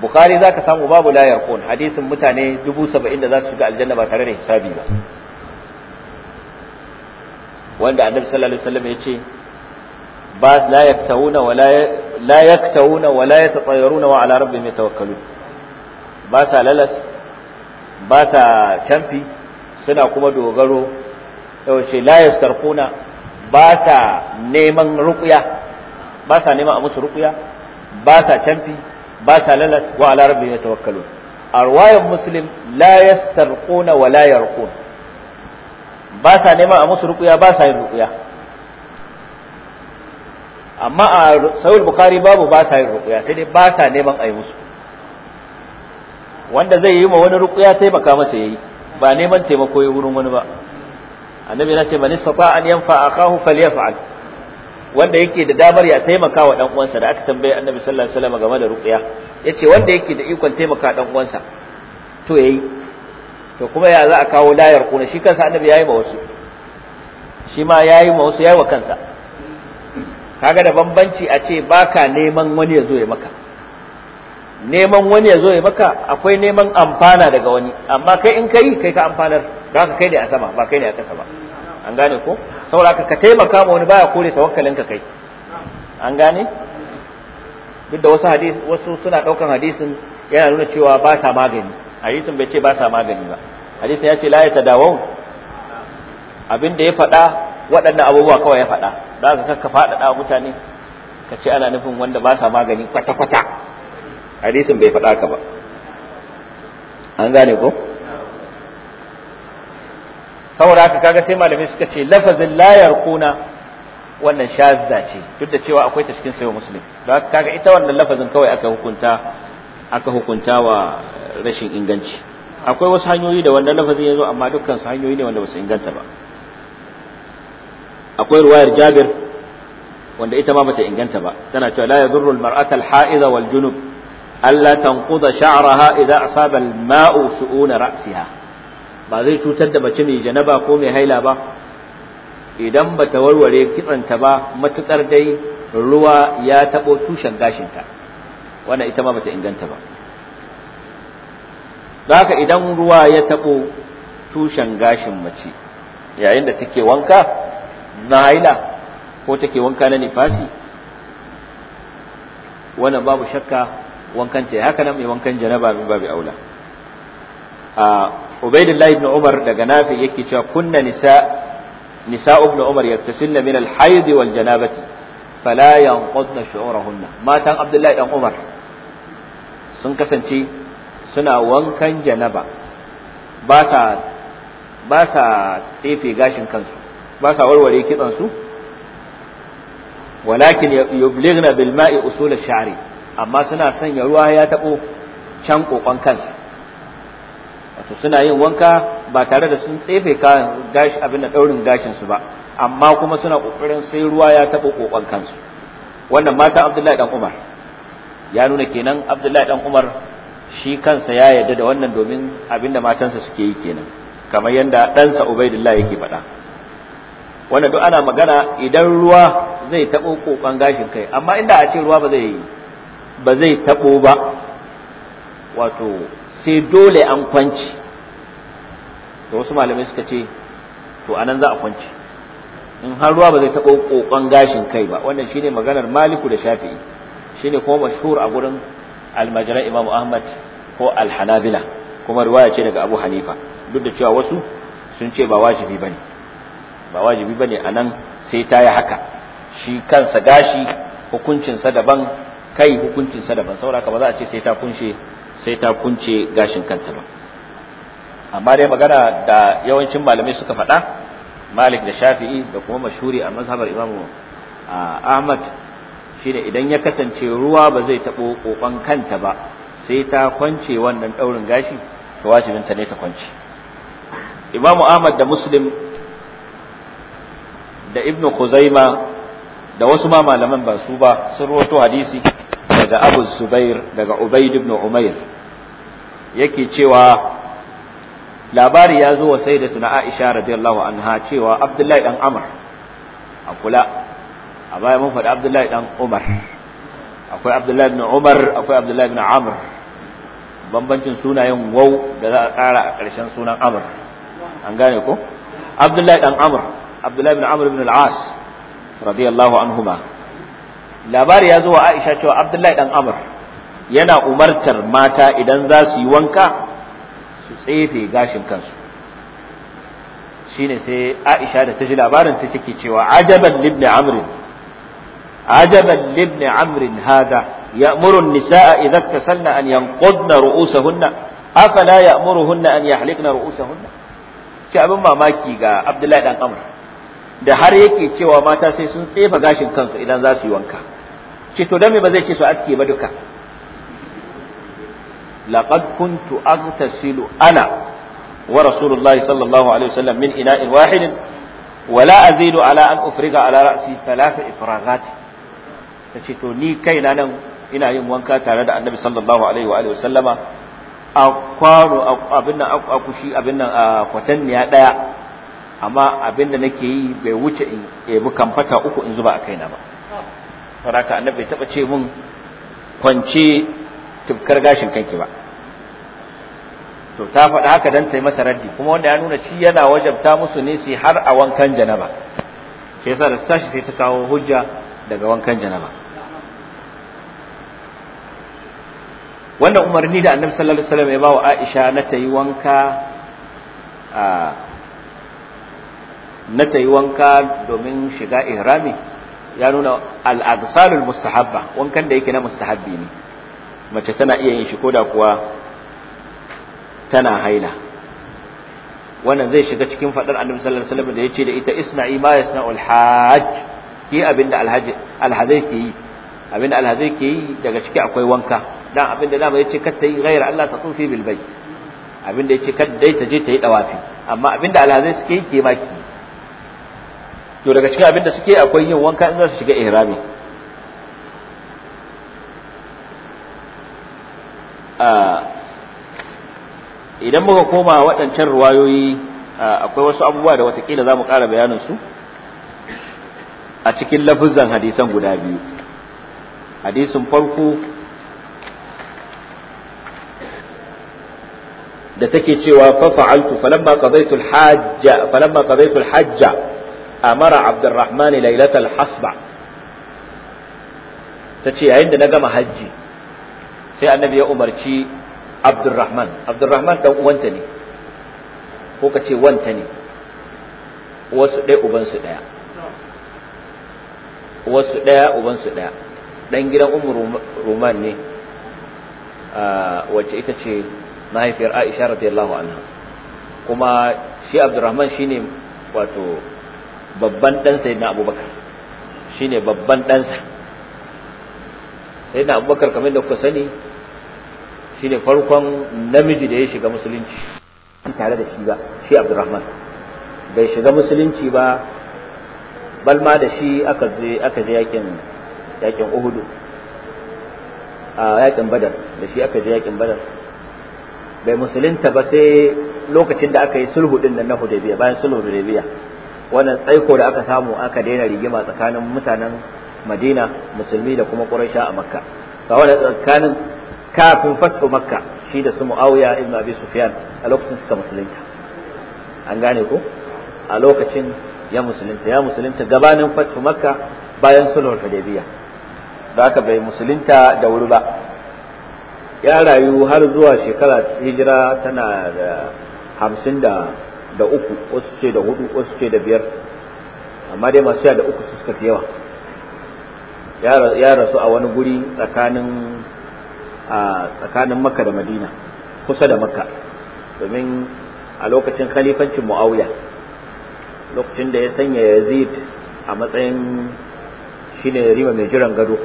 bukhari za ka samu babu layar kun hadisin mutane dubu saba'in da za su shiga aljanna ba tare da hisabi ba wanda annabi sallallahu alaihi wasallam ya ce ba la yaktauna wa la yaktawuna wa la yatatayyaruna wa ala rabbihim yatawakkalun ba sa lalas ba sa canfi suna kuma dogaro yace la yastarquna ba sa neman ruqya ba sa neman a musu ruqya ba sa canfi ba sa lalas wa ala rabbi yatawakkalun a ruwayan muslim la yastarquna wa la yarqun ba sa neman a musu rukuya ba sa yin rukuya amma a sahih bukhari babu ba sa yin rukuya sai dai ba sa neman a yi musu wanda zai yi ma wani rukuya taimaka masa yayi ba neman taimako ya wurin wani ba annabi ya ce man istata an yanfa akahu falyaf'al wanda yake da damar ya taimaka wa dan uwansa da aka tambaye annabi sallallahu alaihi wasallam game da ruqya yace wanda yake da ikon taimaka dan uwansa to yayi to kuma ya za a kawo layar kuna shi kansa annabi yayi ma wasu shi ma yayi ma wasu yayi wa kansa kaga da bambanci a ce baka neman wani ya zo ya maka neman wani ya zo ya maka akwai neman amfana daga wani amma kai in kai kai ka amfanar ba ka kai ne a sama ba kai ne a kasa ba an gane ko saboda ka taimaka ma wani baya kore tawakkalin ka kai an gane duk da wasu hadis wasu suna daukan hadisin yana nuna cewa ba sa magani hadisin bai ce ba sa magani ba hadisin ya ce la ya tadawau abin da ya faɗa waɗannan abubuwa kawai ya faɗa za ka ka faɗaɗa mutane ka ce ana nufin wanda ba sa magani kwata-kwata hadisin bai faɗa ka ba an gane ko saboda haka kaga sai malamai suka ce lafazin la yarquna wannan shazza ce duk da cewa akwai ta cikin sayo muslim don haka kaga ita wannan lafazin kawai aka hukunta aka hukunta wa rashin inganci akwai wasu hanyoyi da wannan lafazin ya zo amma dukkan su hanyoyi ne wanda ba su inganta ba akwai ruwayar jabir wanda ita ma bata inganta ba tana cewa la yadurru al-mar'ata al-ha'iza wal junub alla tanquda sha'raha idha asaba al-ma'u su'una ra'siha ba zai cutar da mace mai janaba ko mai haila ba idan ba ta warware kitsanta ba matukar dai ruwa ya taɓo tushen gashinta wannan ita ma bata inganta ba haka idan ruwa ya taɓo tushen gashin mace yayin da take wanka na haila ko take wanka na nifasi wannan babu shakka wankanta ya haka nan mai wankan janaba min babu aula Ubaidullahi ibn Umar daga Nafi yake cewa kunna nisa nisa ibn Umar yaktasilna min al-hayd wal janabati fala yanqudna shu'urahunna matan Abdullahi dan Umar sun kasance suna wankan janaba ba sa ba sa tsefe gashin kansu ba sa warware kitsan su walakin yublighna bil ma'i usul ash-sha'ri amma suna sanya ruwa ya tabo can kokon kansu to suna yin wanka ba tare da sun tsefe kayan gashi abin da daurin gashin su ba amma kuma suna kokarin sai ruwa ya taba kokon kansu wannan mata Abdullahi dan Umar ya nuna kenan Abdullahi dan Umar shi kansa ya yarda da wannan domin abinda matansa suke yi kenan kamar yadda ɗansa Ubaidillah yake faɗa wanda duk ana magana idan ruwa zai taɓo kokon gashin kai amma inda a ce ruwa ba zai ba zai taɓo ba wato sai dole an kwanci to wasu malamai suka ce to anan za a kwance in har ruwa ba zai taɓa ƙoƙon gashin kai ba wannan shine maganar maliku da shafi'i shine kuma mashhur a gurin almajiran imam ahmad ko al alhanabila kuma riwaya ce daga abu hanifa duk da cewa wasu sun ce ba wajibi bane ba wajibi bane anan sai ta yi haka shi kansa gashi hukuncinsa daban kai hukuncinsa daban saboda haka ba za a ce sai ta kunshe sai ta kunce gashin kanta ba amma dai magana da yawancin malamai suka faɗa malik da shafi'i da kuma Mashuri a mazhabar imamu ahmad shine idan ya kasance ruwa ba zai taɓo ƙoƙon kanta ba sai ta kwance wannan ɗaurin gashi to wajibinta ne ta kwance imamu ahmad da muslim da ibnu khuzaima da wasu ma malaman ba su ba sun rawaito hadisi daga abu zubair daga ubaid ibn umair yake cewa labari ya zo wa sayyidatuna Aisha radiyallahu anha cewa Abdullahi dan Amr a kula a baya mun faɗi Abdullahi dan Umar akwai Abdullahi ibn Umar akwai Abdullahi ibn Amr bambancin sunayen wau da za a ƙara a ƙarshen sunan Amr an gane ko Abdullahi dan Amr Abdullahi ibn Amr ibn al-As radiyallahu anhuma labari ya zo wa Aisha cewa Abdullahi dan Amr yana umartar mata idan za su yi wanka su tsefe gashin kansu shine sai Aisha da ta ji labarin sai take cewa ajaban libni amrin ajaban libni amrin hada ya'muru an-nisaa idza tasanna an yanqudna ru'usahunna afala ya'muruhunna an yahliqna ru'usahunna ce abin mamaki ga Abdullahi dan Amr da har yake cewa mata sai sun tsefa gashin kansu idan za su yi wanka ce to dan me ba zai ce su aske ba duka laqad kuntu aghtasilu ana wa rasulullahi sallallahu alaihi wasallam min ina'in wahidin wala azidu ala an ufriga ala ra'si thalatha ifragat tace to ni kaina nan ina yin wanka tare da annabi sallallahu alaihi wa alihi a kwaro abin nan a kushi abin nan a kwatanniya daya amma abin da nake yi bai wuce in ebi kamfata uku in zuba a ba saboda bai taba ce min kwance tubkar gashin kanki ba to ta faɗa haka dan ta yi masa raddi kuma wanda ya nuna shi yana wajabta musu ne sai har a wankan janaba shi yasa da tashi sai ta kawo hujja daga wankan janaba wannan umarni da annabi sallallahu alaihi wasallam ya bawa Aisha na ta yi wanka a na ta wanka domin shiga ihrami ya nuna al aghsalul mustahabba wankan da yake na mustahabbi ne mace tana iya yin shi koda kuwa tana haila wannan zai shiga cikin fadar annabi sallallahu alaihi wasallam da yace da ita isna'i ma yasna'ul hajj ki abinda alhaji alhazai ke yi abinda alhazai ke yi daga ciki akwai wanka dan abinda da ba yace kar ta yi ghaira Allah ta tufi bil bait abinda yace kar dai ta je ta yi dawafi amma abinda alhazai suke yi ke maki to daga cikin abinda suke akwai yin wanka in za su shiga ihrami a ah, idan muka koma waɗancan ruwayoyi akwai wasu abubuwa da watakila za mu ƙara bayaninsu a cikin lafizan hadisan guda biyu hadisin farko da take cewa fafa'altu falamma qadaytu al-hajja amara abdurrahman laylatal hasba tace yayin da na gama hajji sai annabi ya umarci Abdurrahman Abdurrahman dan uwanta ne ko ka ce wanta ne wasu ɗaya ubansu ɗaya wasu ɗaya ubansu ɗaya ɗan gidan umar roman ne ah, wacce ita ce mahaifiyar aisha radiyallahu anha kuma shi abdurrahman shine wato babban ɗan sayyidina abubakar shine babban ɗansa sayyidina abubakar kamar da kuka sani shine farkon namiji da ya shiga musulunci tare da shi ba shi abdurrahman bai shiga musulunci ba balma da shi aka je aka yakin yakin uhudu a yakin badar da shi aka je yakin badar bai musulunta ba sai lokacin da aka yi sulhu din nan na hudaybiya bayan sulhu da hudaybiya wannan tsaiko da aka samu aka daina rigima tsakanin mutanen madina musulmi da kuma quraisha a makka ga wannan tsakanin kafin fathu makka shi da su muawiya ibn abi sufyan a lokacin suka musulunta an gane ko a lokacin ya musulunta ya musulunta gabanin fathu makka bayan sulhul hudaybiya da aka bai musulunta da wuri ba ya rayu har zuwa shekara hijira tana da hamsin da da uku wasu ce da hudu wasu ce da biyar amma dai masu da uku su suka fi yawa ya rasu a wani guri tsakanin a tsakanin makka da madina kusa da makka domin a lokacin khalifancin mu'awiya lokacin da ya sanya yazid a matsayin shine rima mai jiran gado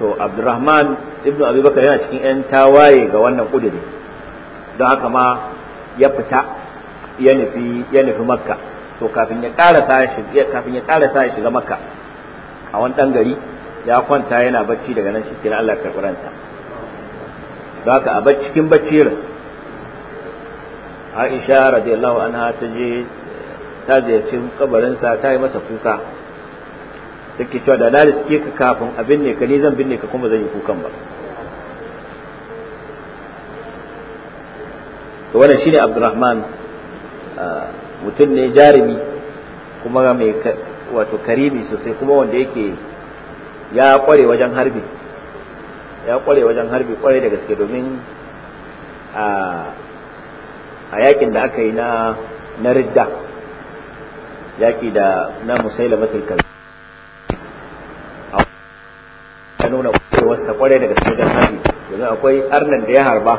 to abdurrahman ibn abubakar yana cikin 'yan tawaye ga wannan kudiri don haka ma ya fita ya nufi makka to kafin ya karasa ya shiga makka a wani gari ya kwanta yana bacci daga nan shi kira Allah karɓi zaka a cikin bacci rasu aisha radiyallahu anha ta je ta ziyarci kabarinsa ta yi masa kuka take cewa da na riske ka kafin a ne ka ni zan binne ka kuma zan yi kukan ba to wannan shine abdurrahman mutum ne jarumi kuma mai wato karimi sosai kuma wanda yake ya kware wajen harbi ya kware wajen harbi kware da gaske domin a yakin da aka yi na na ridda yaki da na musaila matul kaza a nuna kwarewarsa kware da gaske don harbi domin akwai arnan da ya harba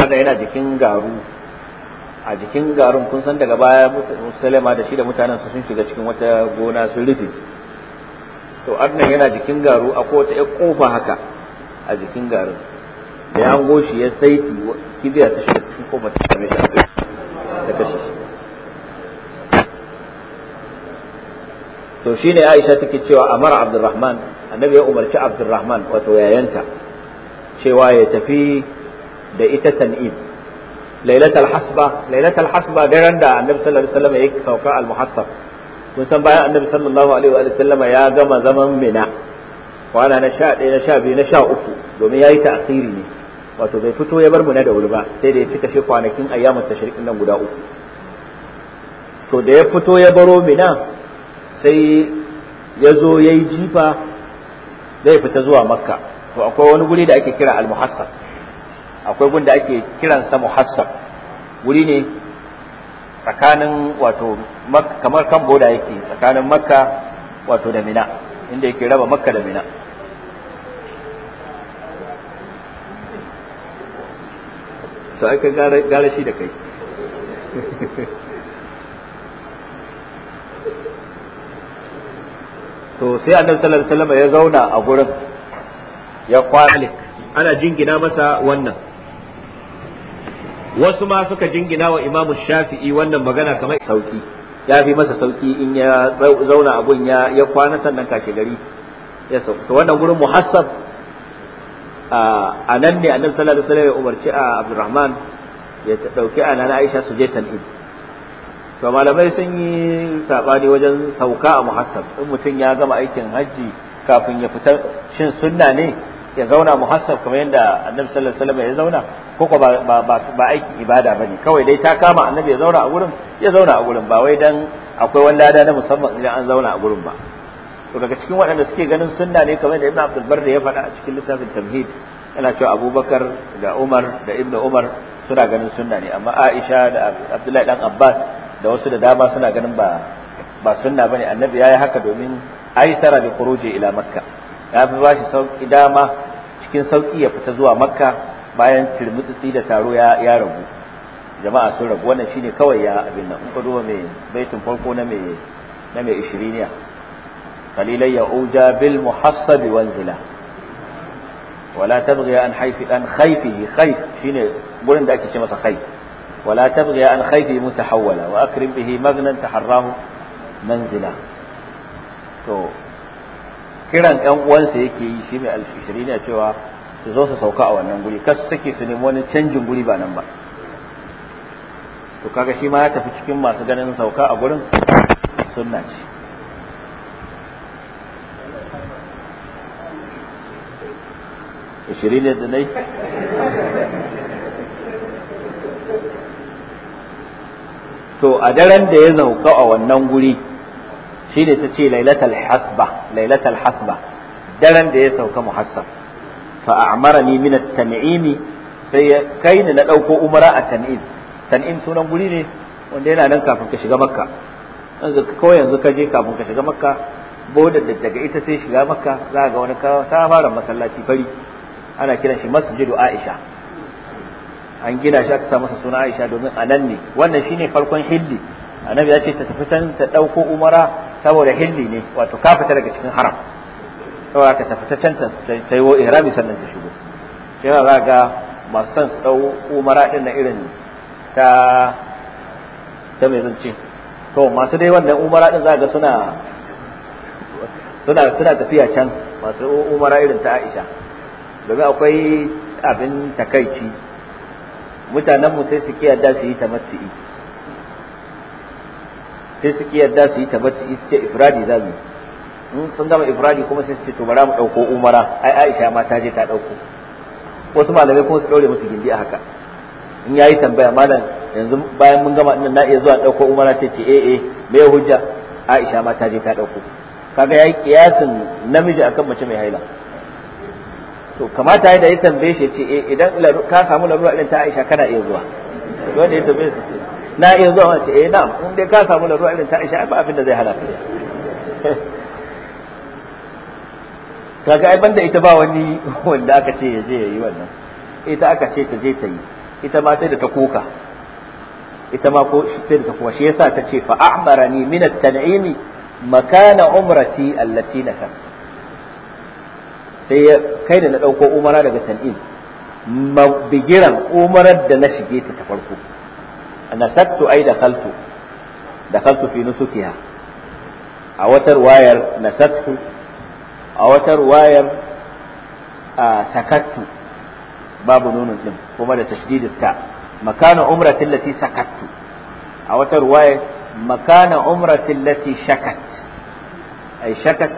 wanda yana jikin garu a jikin garun kun san daga baya musulma da shi da mutanen sun shiga cikin wata gona sun rufe to arnan yana jikin garu akwai wata ƴar haka a jikin garin da ya hango shi ya saiti kibiya ta shiga cikin kuma ta same shi ta kashe shi to shine Aisha take cewa amara Abdurrahman annabi ya umarci Abdurrahman wato yayanta cewa ya tafi da ita tan'im lailatul hasba lailatul hasba daren da annabi sallallahu alaihi wasallam yake sauka al-muhassab mun san bayan annabi sallallahu alaihi wa sallama ya gama zaman mina kwana na sha ɗaya na sha biyu na sha uku domin ya yayi ta'khiri ne wato bai fito ya bar mu na da wuri ba sai da ya cika shi kwanakin ayyamin tashriqin nan guda uku to da ya fito ya baro mina sai ya zo ya yi jifa zai fita zuwa makka to akwai wani guri da ake kira al akwai gun da ake kiransa muhassab wuri ne tsakanin wato kamar kan boda yake tsakanin makka wato da mina inda yake raba makka da mina to ai ka gara shi da kai to sai annabi sallallahu alaihi wasallam ya zauna a gurin ya kwalik ana jingina masa wannan wasu ma suka jingina wa imamu shafi'i wannan magana kamar sauki ya fi masa sauki in ya zauna abun ya kwana sannan kashe gari ya sauka to wannan gurin muhassab a nan ne annabi sallallahu alaihi wasallam ya umarci a Abdurrahman ya dauki ana na Aisha su je tan'id to malamai sun yi sabani wajen sauka a muhassab in mutum ya gama aikin hajji kafin ya fita shin sunna ne ya zauna muhassab kamar yadda annabi sallallahu alaihi wasallam ya zauna ko ko ba ba aiki ibada bane kawai dai ta kama annabi ya zauna a gurin ya zauna a gurin ba wai dan akwai wani lada na musamman idan an zauna a gurin ba to daga cikin waɗanda suke ganin sunna ne kamar da ibn abdul bar da ya faɗa a cikin littafin tamhid yana cewa abubakar da umar da ibnu umar suna ganin sunna ne amma aisha da abdullahi dan abbas da wasu da dama suna ganin ba ba sunna bane annabi yayi haka domin aisara da khuruji ila makka ya fi bashi sauki dama cikin sauki ya fita zuwa makka bayan turmutsitsi da taro ya ya ragu jama'a sun ragu wannan shine kawai ya abin nan in ka duba mai baitin farko na mai na mai ishiriniya خليلي يؤوجى بالمحصب وانزلا ولا تبغي عن حيف عن خيفه خيف شنو da ake ce masa kai wala tabghi an khayfi mutahawwala wa akrim bihi magnan taharrahu manzila to kiran ɗan uwansa yake yi shi mai alfishiri ne cewa su zo su sauka a wannan guri kas suke su nemi wani canjin guri ba nan ba to kaga shi ya tafi cikin masu ganin sauka a gurin sunna ce ashirin ne da nai to a daren da ya zauka a wannan guri shi ne ta ce lailatul hasba lailatul hasba daren da ya sauka muhassab fa a'marani min at-tan'imi sai kai ne na dauko umara a tan'im tan'im sunan guri ne wanda yana nan kafin ka shiga makka ko yanzu ka je kafin ka shiga makka bodar da daga ita sai shiga makka za ga wani kawo fara masallaci fari ana kiran shi masjidu aisha an gina shi aka sa masa suna aisha domin a nan ne wannan shine farkon hilli annabi ya ce ta tafi can ta ɗauko umara saboda hilli ne wato ka fita daga cikin haram saboda ka tafi ta can ta yi ihrami sannan ta shigo shi za ga masu son su ɗau umara ɗin na irin ta ta mai zance to masu dai wannan umara ɗin za ga suna suna suna tafiya can masu umara irin ta aisha domin akwai abin takaici mutanenmu sai su yarda su yi tamatti'i sai su yarda su yi tamatti'i su ce ifradi za mu in sun gama ifradi kuma sai su ce to bara mu ɗauko umara ai aisha ma ta je ta ɗauko wasu malamai kuma su ɗaure musu gindi a haka in yayi tambaya malam yanzu bayan mun gama ina na iya zuwa ɗauko umara sai ce eh eh me hujja aisha ma ta je ta ɗauko kaga yayi kiyasin namiji akan mace mai haila to kamata ya da ya tambaye shi ce eh idan ka samu larura irin ta Aisha kana iya zuwa wanda ya tambaye shi na iya zuwa wace eh na in dai ka samu larura irin ta Aisha ba abin da zai hana ka kaga ai banda ita ba wani wanda aka ce ya je ya yi wannan ita aka ce ta je ta yi ita ma sai da ta koka ita ma ko sai da ta kuma shi yasa ta ce fa a'marani min at-tan'imi makana umrati allati nasaka sai ya kai da na ɗauko umara daga tan'in bigiran umarar da na shige ta ta farko nasattu ai da kaltu da kaltu fi nusukiha a watar wayar nasattu a watar wayar sakattu babu nunin ɗin kuma da tashdidin ta makana umratin lati sakattu a watar wayar makana umratin lati shakat ai shakat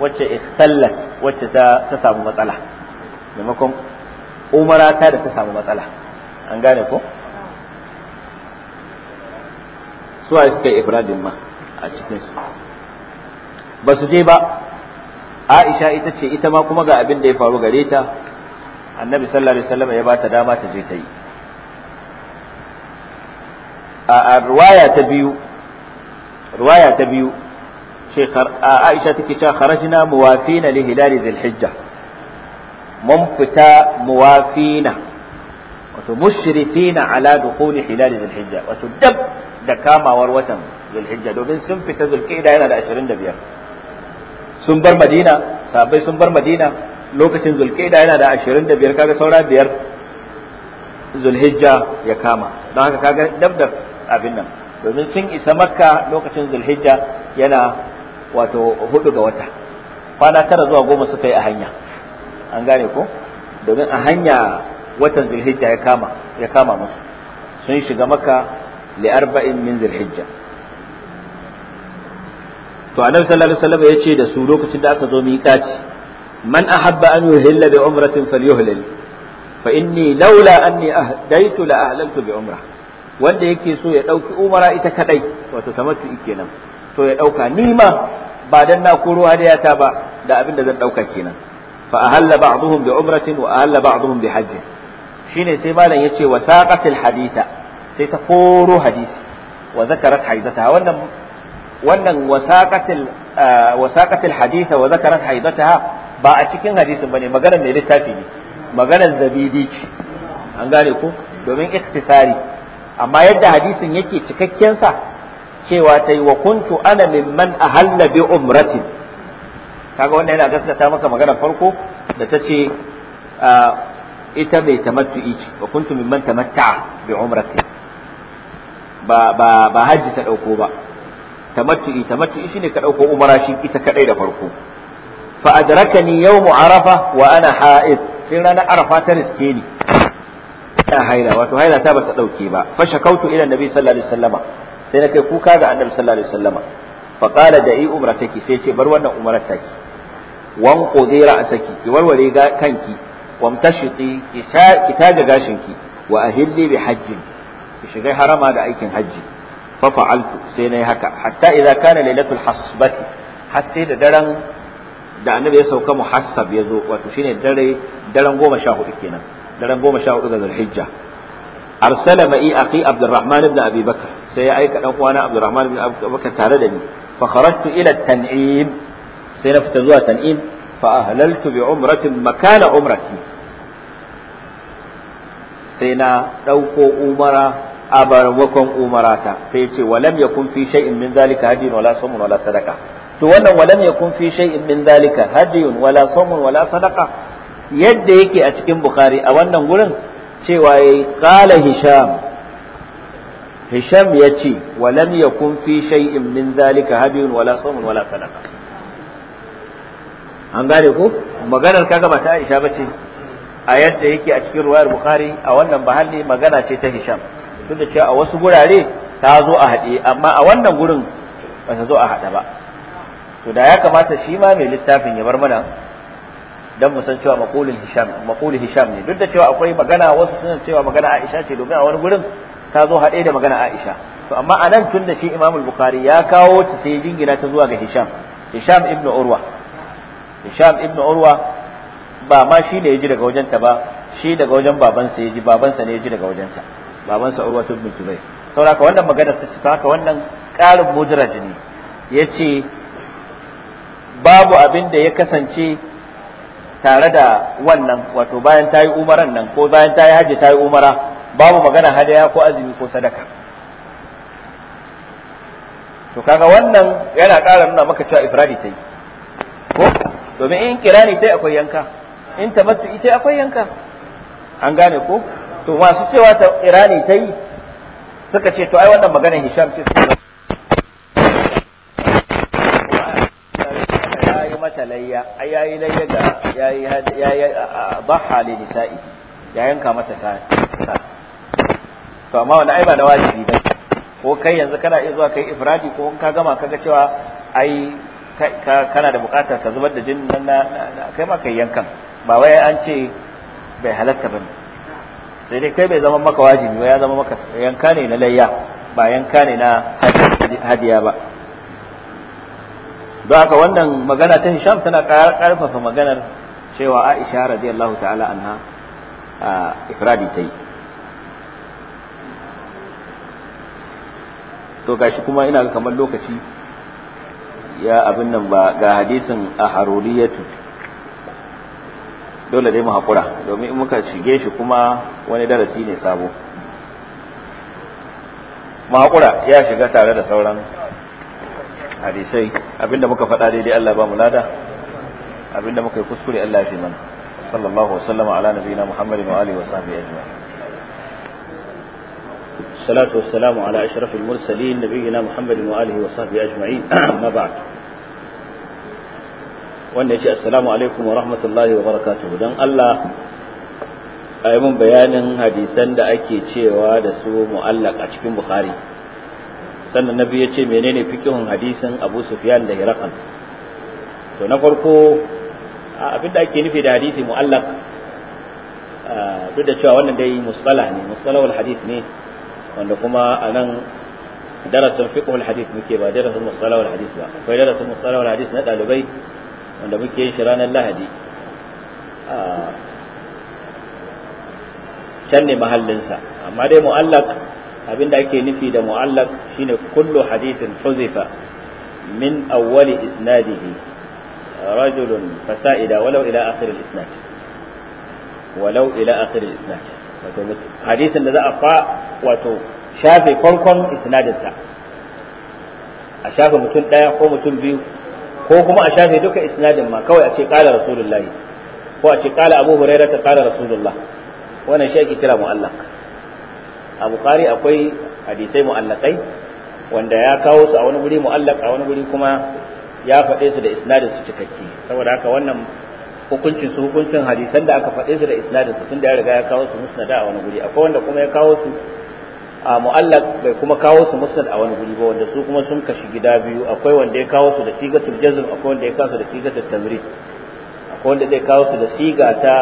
wacce ikhtallat wacce ta ta samu matsala maimakon umara ta da ta samu matsala an gane ko su ai suka yi ibradin ma a cikin su ba su je ba Aisha ita ce ita ma kuma ga abin da ya faru gare ta annabi sallallahu alaihi wasallam ya ba ta dama ta je ta yi a ruwaya ta biyu ruwaya ta biyu aisha take cewa kharajna muwafina li hilali dhil hijja mun fita muwafina wato mushrifina ala dukhuli hilali dhil hijja wato dab da kamawar watan dhil hijja domin sun fita zulqa'ida yana da 25 sun bar madina sabai sun bar madina lokacin zulqa'ida yana da 25 kaga saura biyar zulhijja ya kama don haka kaga dab da abin nan domin sun isa makka lokacin zulhijja yana wato hudu ga wata kwana tara zuwa goma suka yi a hanya an gane ko domin a hanya watan zulhijja ya kama ya kama musu sun shiga maka li arba'in min zulhijja to annabi sallallahu alaihi wasallam yace da su lokacin da aka zo miqati man ahabba an yuhilla bi umratin falyuhlil fa inni laula anni ahdaitu la ahlaltu bi umrah wanda yake so ya dauki umara ita kadai wato tamattu kenan to ya dauka ni ma ba dan na koro hadiyata ba da abin da zan ɗauka kenan fa ahalla ba'dhum bi umratin wa ahalla ba'dhum bi hajj shine sai malam yace wa saqatil haditha sai ta koro hadisi wa zakarat haidataha wannan wannan wasaqatil wasaqatil haditha wa zakarat haidataha ba a cikin hadisin bane maganar mai littafi ne maganar zabidi ce an gane ko domin iktisari amma yadda hadisin yake cikakken sa cewa ta yi wa kuntu ana mimman a hallabi umratin kaga wannan yana gaskata maka magana farko da ta ce ita bai tamattu'i ce wa kuntu mimman tamatta'a bi umratin ba ba hajji ta ɗauko ba tamattu'i shi ne ka ɗauko umara shi ita kadai da farko fa adrakani yawmu arafa wa ana ha'id sai ranar arafa ta riske ni ina haila wato haila ta bata dauke ba fa shakautu ila nabi sallallahu alaihi wasallama sai na kai kuka ga annabi sallallahu alaihi wasallama fa qala da'i umrataki sai ce bar wannan umrar taki wan qudira asaki ki warware ga kanki wamtashiti ki taga gashinki wa ahilli bi hajji ki shiga harama da aikin hajji fa fa'altu sai nayi haka hatta idza kana lailatul hasbati har sai da daren da annabi ya sauka muhassab ya zo wato shine dare daren goma sha hudu kenan daren goma sha hudu ga zulhijja arsala ma'i akhi abdurrahman ibn abi bakr sai ya aika dan uwana Abdurrahman bin Abubakar tare da ni fa kharajtu ila tan'im sai na fita zuwa tan'im fa ahlaltu bi umratin makana umrati sai na dauko umara a barwakon umarata sai ya ce walam yakun fi shay'in min zalika Hadiyun wala sumun wala Sadaqa to wannan walam yakun fi shay'in min zalika Hadiyun wala sumun wala Sadaqa yadda yake a cikin bukhari a wannan gurin cewa yayi qala hisham hisham ya ce walam kun fi shay'in min zalika hadiyun wala sawmun wala sadaqa an gane ko maganar kaga ba ta Aisha ce a yadda yake a cikin ruwayar Bukhari a wannan bahalli magana ce ta Hisham duk da cewa a wasu gurare ta zo a haɗe amma a wannan gurin ba ta zo a haɗa ba to da ya kamata shi ma mai littafin ya bar mana dan mu san cewa maqulul Hisham maqulul Hisham ne duk da cewa akwai magana wasu suna cewa magana Aisha ce domin a wani gurin ta zo haɗe da magana Aisha to amma nan tun da shi Imam al-Bukhari ya kawo ta sai jingina ta zuwa ga Hisham Hisham ibn Urwa Hisham ibn Urwa ba ma shi ne ya ji daga wajenta ba shi daga wajen babansa ya ji babansa ne ya ji daga wajenta babansa Urwa ibn Zubair sauraka wannan magana ta ci haka wannan ƙarin mudraj ne yace babu abin da ya kasance tare da wannan wato bayan ta yi umaran nan ko bayan ta yi hajji ta yi umara babu magana hadaya ko azumi ko sadaka to kaga wannan yana ƙara nuna maka cewa ifradi ta yi ko domin in kirani tai akwai yanka in tamattu ita akwai yanka an gane ko to masu cewa ta irani ta yi suka ce to ai wannan magana hisham ce mata layya ai yayi layya ga yayi yayi dhaha li nisa'i ya yanka mata sa'i to amma wani ai ba na wajibi ba ko kai yanzu kana iya zuwa kai ifradi ko ka gama kaga cewa ai kana da bukatar ka zubar da jinin nan na kai ma kai yankan ba wai an ce bai halatta bane sai dai kai bai zama maka wajibi ba ya zama maka yanka ne na layya ba yanka ne na hadiya ba don haka wannan magana ta Hisham tana karfafa maganar cewa Aisha radiyallahu ta'ala anha ifradi ta yi to gashi kuma ina kamar lokaci ya abin nan ba ga hadisin a haruriyatu dole dai mu haƙura domin in muka shige shi kuma wani darasi ne sabo mu haƙura ya shiga tare da sauran hadisai abinda muka faɗa daidai Allah ba mu lada abinda muka yi kuskure Allah ya fi mana sallallahu wasallama ala nabiyina muhammadin wa alihi wa sahbihi ajma'in والصلاة والسلام على أشرف المرسلين نبينا محمد وآله وصحبه أجمعين ما بعد wannan ce assalamu alaikum wa rahmatullahi wa barakatuhu don Allah a mun bayanin hadisan da ake cewa da su mu'allaq a cikin bukhari sannan na nabi ya ce menene fikihun hadisin abu sufyan da hirakan to na farko abin da ake nufi da hadisi mu'allaq duk da cewa wannan dai musqala ne musqalawul hadis ne wanda kuma a nan darasin fiqhul hadith muke ba darasin wal hadith ba akwai darasin wal hadith na dalibai wanda muke yin shi ranar lahadi can ne mahallinsa amma dai mu'allaq abinda ake nufi da mu'allaq shine kullu hadithin huzifa min awwali isnadihi رجل فسائد ولو إلى آخر الإسناد ولو إلى آخر isnad wato hadisin da za a fa wato shafe farkon isnadinsa a shafe mutum ɗaya ko mutum biyu ko kuma a shafe duka isnadin ma kawai a ce ƙala rasulullahi ko a ce ƙala abu huraira ta ƙala rasulullah wannan shi ake kira mu'allaq a bukari akwai hadisai mu'allaqai wanda ya kawo su a wani guri mu'allaq a wani guri kuma ya faɗe su da isnadin su cikakke saboda haka wannan hukuncin su hukuncin hadisan da aka faɗe su da isnadin su tunda ya riga ya kawo su musnad a wani guri akwai wanda kuma ya kawo su a mu'allaq bai kuma kawo su musnad a wani guri ba wanda su kuma sun kashi gida biyu akwai wanda ya kawo su da sigatul jazm akwai wanda ya kawo su da sigatul tamri akwai wanda zai kawo su da siga ta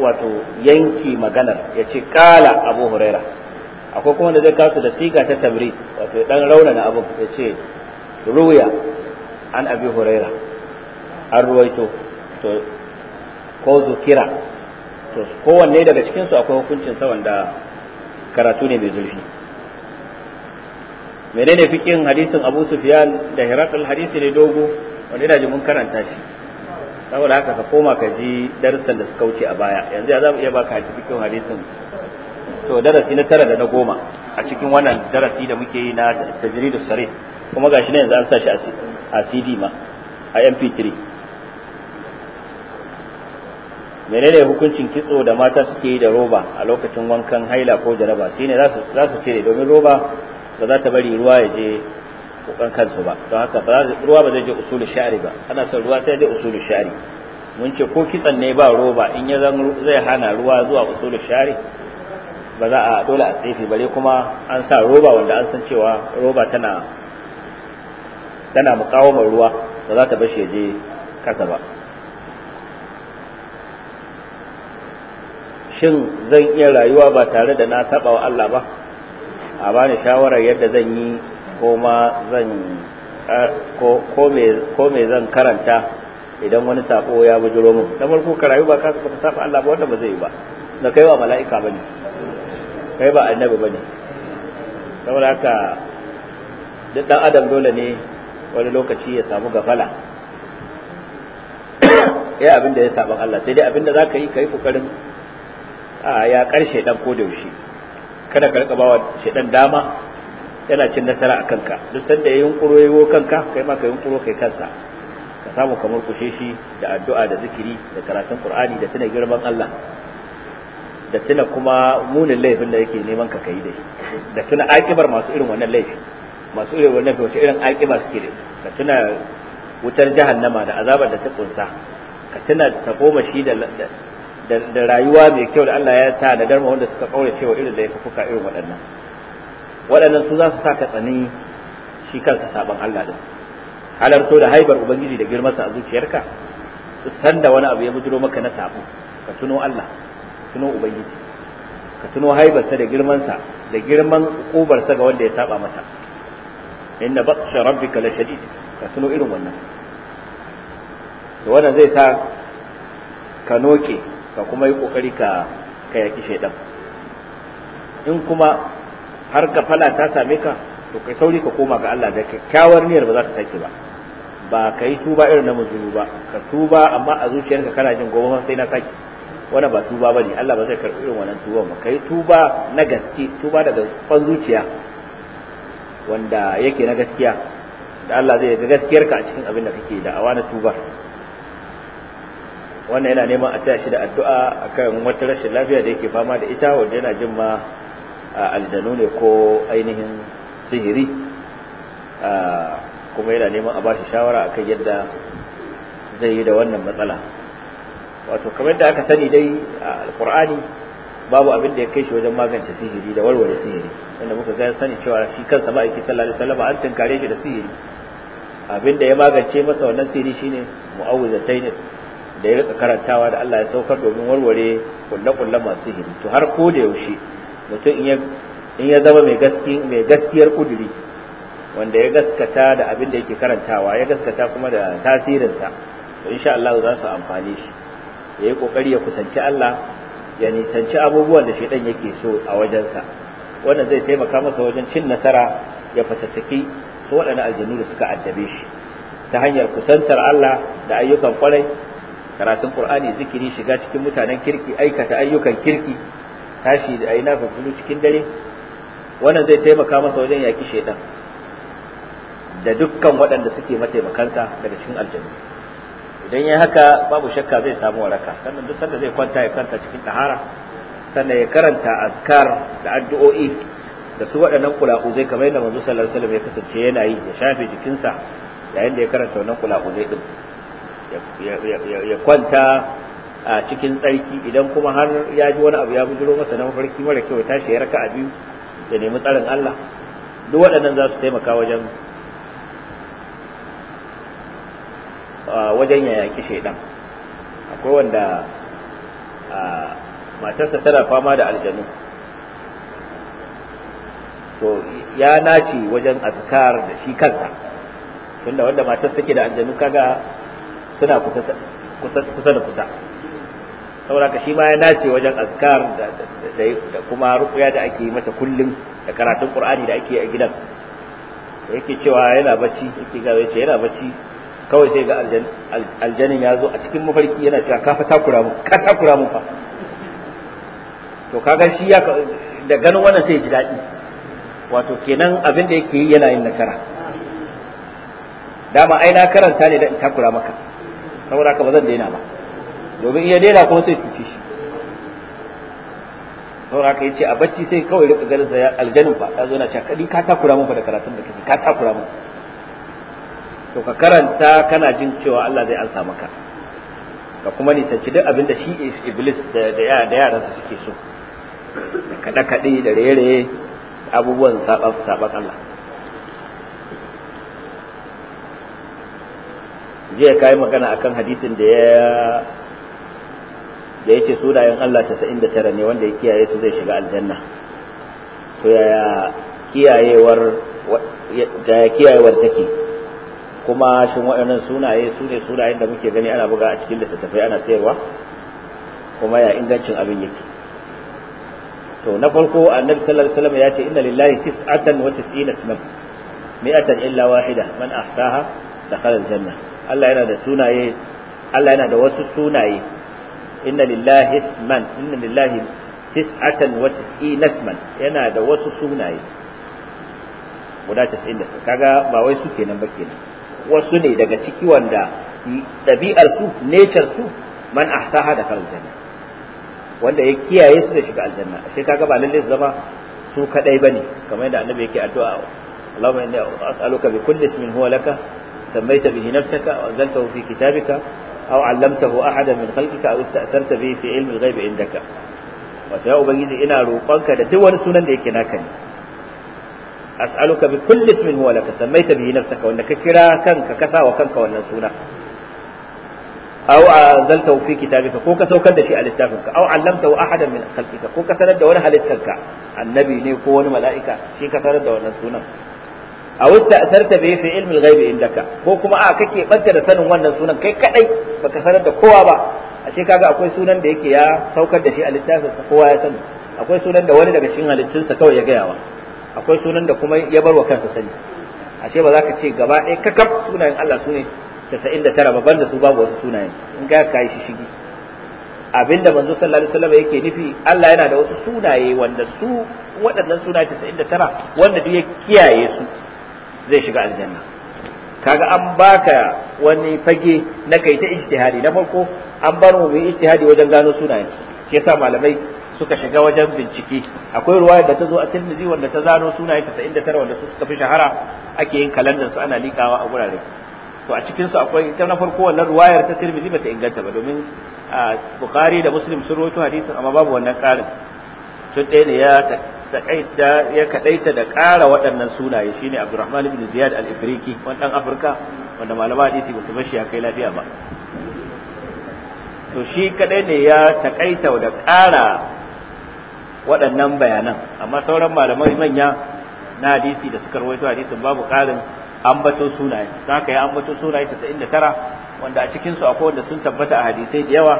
wato yanki maganar ya ce kala abu huraira akwai kuma wanda zai kawo su da siga ta tamri wato ya dan raunana abin ya ce ruya an abi huraira an ruwaito to ko zukira to kowanne daga cikinsu akwai hukuncin sa wanda karatu ne mai zurfi. menene fikin hadisin abu sufyan da hirakul hadisi ne dogo wanda yana mun karanta shi saboda haka ka koma ka ji darussan da suka wuce a baya yanzu ya zamu iya baka fikin hadisin to darasi na tara da na goma a cikin wannan darasi da muke yi na tajridus sarih kuma gashi ne yanzu an sa shi a CD ma a MP3 menene hukuncin kitso da mata suke yi da roba a lokacin wankan haila ko jaraba shine za su cire domin roba ba za ta bari ruwa ya je kokan kansu ba don haka ruwa ba zai je usulun sha'ari ba ana son ruwa sai je usulun sha'ari mun ce ko kitsan ne ba roba in ya zan zai hana ruwa zuwa usulun sha'ari ba za a dole a tsefe bare kuma an sa roba wanda an san cewa roba tana tana mukawamar ruwa ba za ta bar ya je kasa ba shin zan iya rayuwa ba tare da na taɓa wa Allah ba a bani shawarar yadda zan yi ko ma zan ko me zan karanta idan wani sako ya bujuro mu da farko ka rayu ba ka saba Allah ba wanda ba zai yi ba da kai ba mala'ika bane kai ba annabi bane saboda haka duk dan adam dole ne wani lokaci ya samu gafala ya abin da ya saban Allah sai dai abin da zaka yi kai kokarin a ya karshe dan ko da yaushe kada ka rika bawa shedan dama yana cin nasara a kanka duk sanda ya kuro yayo kanka kai ma ka kuro kai kansa ka samu kamar kushe shi da addu'a da zikiri da karatun qur'ani da tuna girman Allah da tuna kuma munin laifin da yake neman ka kai dai da tuna akibar masu irin wannan laifi masu irin wannan laifi irin akibar suke da ka tuna wutar jahannama da azabar da ta kunsa ka tuna ta goma shi da da rayuwa mai kyau da Allah ya ta da darma wanda suka kaura cewa irin da ya fuka irin waɗannan waɗannan su za su sa ka tsani shi kansa sabon Allah din halarto da haibar ubangiji da girmansa a zuciyarka su san da wani abu ya bujiro maka na sabo ka tuno Allah ka tuno ubangiji ka tuno haibarsa da girmansa da girman kubarsa ga wanda ya saba masa inna batsha rabbika la shadid ka tuno irin wannan to wannan zai sa ka noke ka kuma yi kokari ka ka yaki shaidan in kuma har ka fala ta same ka to kai sauri ka koma ga Allah da kyakkyawar niyyar ba za ka sake ba ba ka yi tuba irin na muzuru ba ka tuba amma a zuciyarka kana jin gobe sai na sake wannan ba tuba bane Allah ba zai karɓi irin wannan tuba ba kai tuba na gaske tuba daga kwan zuciya wanda yake na gaskiya da Allah zai ga gaskiyarka a cikin abin da kake da awana na tuba. wannan yana neman a taya shi da addu'a kan wata rashin lafiya da yake fama da ita wanda yana jin ma aljanu ne ko ainihin sihiri kuma yana neman a bashi shawara a akan yadda zai yi da wannan matsala wato kamar da aka sani dai a alkur'ani babu abin da ya kai shi wajen magance sihiri da warware sihiri wanda muka ga sani cewa shi kansa ma'aiki sallallahu alaihi wasallam an tunkare shi da sihiri abin da ya magance masa wannan sihiri shine mu'awwizatayn da ya rika karantawa da Allah ya saukar domin warware kulle-kulle masu hiri to har ko da yaushe mutum in ya zama mai gaskiyar kuduri wanda ya gaskata da abin da yake karantawa ya gaskata kuma da tasirinsa to insha Allah za su amfane shi ya yi kokari ya kusanci Allah ya nisanci abubuwan da shaidan yake so a wajensa wannan zai taimaka masa wajen cin nasara ya fatattaki su waɗannan aljanu da suka addabe shi ta hanyar kusantar Allah da ayyukan kwarai karatun qur'ani zikiri shiga cikin mutanen kirki aikata ayyukan kirki tashi da aina fafulu cikin dare wannan zai taimaka masa wajen yaki shaidan da dukkan waɗanda suke mataimakansa daga cikin aljanna idan ya haka babu shakka zai samu waraka sannan duk sanda zai kwanta ya kwanta cikin tahara sannan ya karanta azkar da addu'o'i da su waɗannan kula'uzai kamar yadda manzo sallallahu alaihi wasallam ya kasance yana yi ya shafe jikinsa yayin da ya karanta wannan kula'uzai din ya kwanta a cikin tsarki idan kuma har ya ji wani abu ya bujiro masa na mafarki mara kyau ya tashi ya raka a biyu ya nemi tsarin Allah duk waɗannan za su taimaka wajen wajen ya yaki shaidan akwai wanda matarsa tana fama da aljanu to ya nace wajen azkar da shi kansa tunda wanda matarsa take da aljanu kaga suna kusa da kusa saboda ka shi ma ya dace wajen askar da kuma rukuya da ake mata kullum da karatun qur'ani da ake a gidan yake cewa yana bacci yake ga yace yana bacci kawai sai ga aljanin ya zo a cikin mafarki yana cewa ka fa takura mu ka takura mu fa to kaga shi ya da ganin wannan sai ji daɗi wato kenan abin da yake yi yana yin nasara dama ai na karanta ne da in takura maka saboda haka ba zan daina ba domin iya daina kuma sai tuki shi saboda haka yace a bacci sai kawai rika ganin sa aljanin fa yazo na cewa ka takura mun fa da karatun da kake ka takura mun to ka karanta kana jin cewa Allah zai ansa maka ka kuma nisanci duk abin da shi iblis da sa suke so da kaɗe da rere abubuwan saɓan Allah jiya yi magana akan hadisin da ya da yake sunayen Allah 99 ne wanda ya kiyaye su zai shiga aljanna to yaya kiyayewar da ya kiyayewar take kuma shin waɗannan sunaye su ne sunayen da muke gani ana buga a cikin littattafai ana sayarwa kuma ya ingancin abin yake to na farko annabi sallallahu alaihi wasallam ya ce inna lillahi tis'atan wa tis'ina isman mi'atan illa wahida man ahsaha dakhala aljanna Allah yana da sunaye Allah yana da wasu sunaye inna lillahi isman inna lillahi tis'atan wa tis'in isman yana da wasu sunaye guda 90 kaga ba wai su kenan ba kenan wasu ne daga ciki wanda dabi'ar su nature su man ahsaha da kal janna wanda ya kiyaye su da shiga aljanna sai kaga ba lalle su zama su kadai bane kamar yadda annabi yake addu'a Allahumma inni as'aluka bi kulli ismin huwa laka سميت به نفسك أو أنزلته في كتابك أو علمته أحدا من خلقك أو استأثرت به في علم الغيب عندك وتيا أبيدي إنا روقانك لدول سنن ديك ناكني أسألك بكل اسم هو لك سميت به نفسك وأنك كرا كنك كسا وكنك وأن سنة أو أنزلته في كتابك كوكا سوكد شيء لتافنك أو علمته أحدا من خلقك كوكا سند ولا هل النبي نيكون ملائكة شيء كسرد وأن سنة a wasta asarta bai fi ilmin da indaka ko kuma a kake banta da sanin wannan sunan kai kadai baka sanar da kowa ba ashe kaga akwai sunan da yake ya saukar da shi a littafin sa kowa ya sani akwai sunan da wani daga cikin halittunsa kawai ya gaya wa akwai sunan da kuma ya bar wa kansa sani ashe ba za ka ce gaba ɗaya kakaf sunayen Allah su ne tara? babban da su babu wasu sunayen in ga ka yi shi shigi abinda manzo sallallahu alaihi wasallam yake nufi Allah yana da wasu sunaye wanda su waɗannan sunaye 99 wanda duk ya kiyaye su zai shiga aljanna kaga an baka wani fage na kai ta ijtihadi na farko an bar mu yi ijtihadi wajen gano sunayen shi yasa malamai suka shiga wajen bincike akwai ruwaya da ta zo a tirmizi wanda ta zano sunaye 99 wanda su suka fi shahara ake yin kalandar su ana likawa a gurare to a cikin su akwai ita na farko wannan ruwayar ta Tirmidhi bata inganta ba domin ah, Bukhari da Muslim sun rawaito hadisin amma babu wannan karin sun ɗaya ne ya takaita ya kaɗaita da ƙara waɗannan sunaye shine Abdurrahman ibn Ziyad al-Ifriqi wannan Afirka wanda malama hadisi ba su bashi ya kai lafiya ba to shi kaɗai ne ya takaita da ƙara waɗannan bayanan amma sauran malamai manya na hadisi da suka rawaito hadisin babu ƙarin ambato sunaye za ka yi ambato sunaye 99 wanda a cikinsu akwai wanda sun tabbata a hadisai da yawa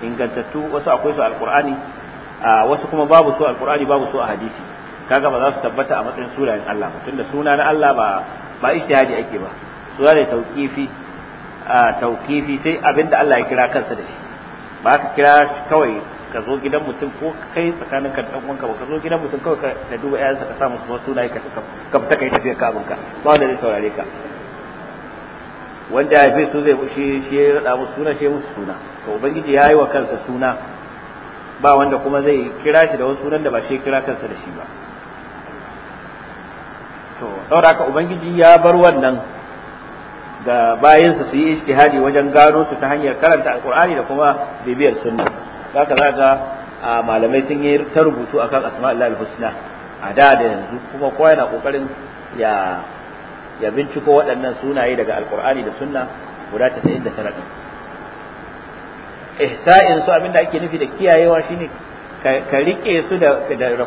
ingantattu wasu akwai su alƙur'ani wasu kuma babu so alqur'ani babu so a hadisi kaga ba za su tabbata a matsayin sunayen Allah ba tunda suna na Allah ba ba ijtihadi ake ba suna ne tauqifi a tauqifi sai abinda Allah ya kira kansa da shi ba ka kira kawai ka zo gidan mutum ko kai tsakanin ka dan uwanka ba ka zo gidan mutum kawai ka duba ƴaƴansa ka sa musu wasu sunaye ka ka fita kai tafiya ka abinka ba wanda zai saurare ka wanda ya fi su zai shi shi ya rada musu suna shi musu suna to ubangiji ya yi wa kansa suna ba wanda kuma zai kira shi da wasu sunan da ba shi kira kansa da shi ba to saboda haka ubangiji ya bar wannan ga bayansa su yi ijtihadi wajen gano su ta hanyar karanta alkur'ani da kuma bibiyar sunna haka za a malamai sun yi ta rubutu akan asma'ul husna a da da yanzu kuma kowa yana kokarin ya ya binciko waɗannan sunaye daga alkur'ani da sunna guda 99 ihsa'in su abinda ake nufi da kiyayewa shine ka rike su da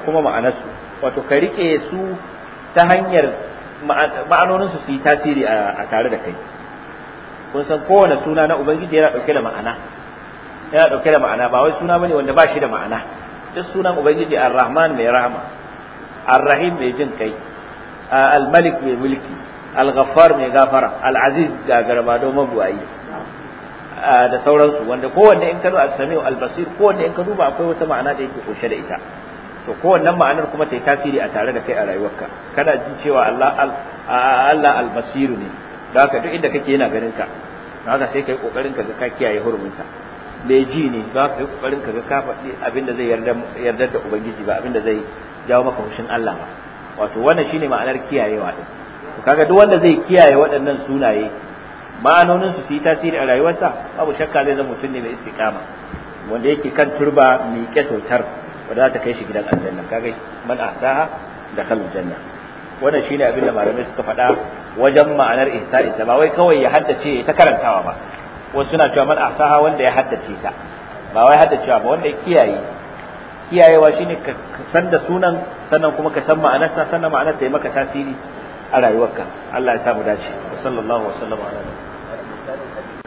kuma ma'anarsu wato ka rike su ta hanyar ma'anonin su su yi tasiri a tare da kai kun san kowane suna na ubangiji yana dauke da ma'ana yana dauke da ma'ana ba wai suna bane wanda ba shi da ma'ana duk sunan ubangiji ar-rahman mai rahama ar-rahim mai jin kai al-malik mai mulki al-ghaffar mai gafara al-aziz ga garba don mabuwayi da sauransu wanda kowanne in ka zo as al-basir kowanne in ka duba akwai wata ma'ana da yake kunshe da ita to kowannen ma'anar kuma ta yi tasiri a tare da kai a rayuwarka kana jin cewa Allah Allah al-basir ne da haka duk inda kake yana ganin ka haka sai kai kokarin ka ga ka kiyaye hurumin sa mai ji ne da haka kai kokarin ka ga ka faɗi abinda zai yarda yarda da ubangiji ba abinda zai jawo maka hushin Allah ba wato wannan shine ma'anar kiyayewa din to kaga duk wanda zai kiyaye waɗannan sunaye ma'anonin su yi tasiri a rayuwarsa abu shakka zai zama mutum ne mai istiqama wanda yake kan turba mai kyautar wanda za ta kai shi gidan aljanna kaga man asaha da kalul janna wannan shine abin da malamai suka faɗa wajen ma'anar ihsani ta ba wai kawai ya haddace ta karantawa ba wasu suna cewa man asaha wanda ya haddace ta ba wai haddacewa ba wanda ya kiyaye kiyayewa shine ka san da sunan sannan kuma ka san ma'anarsa sannan ma'anar ta yi maka tasiri a rayuwarka Allah ya samu dace sallallahu alaihi wa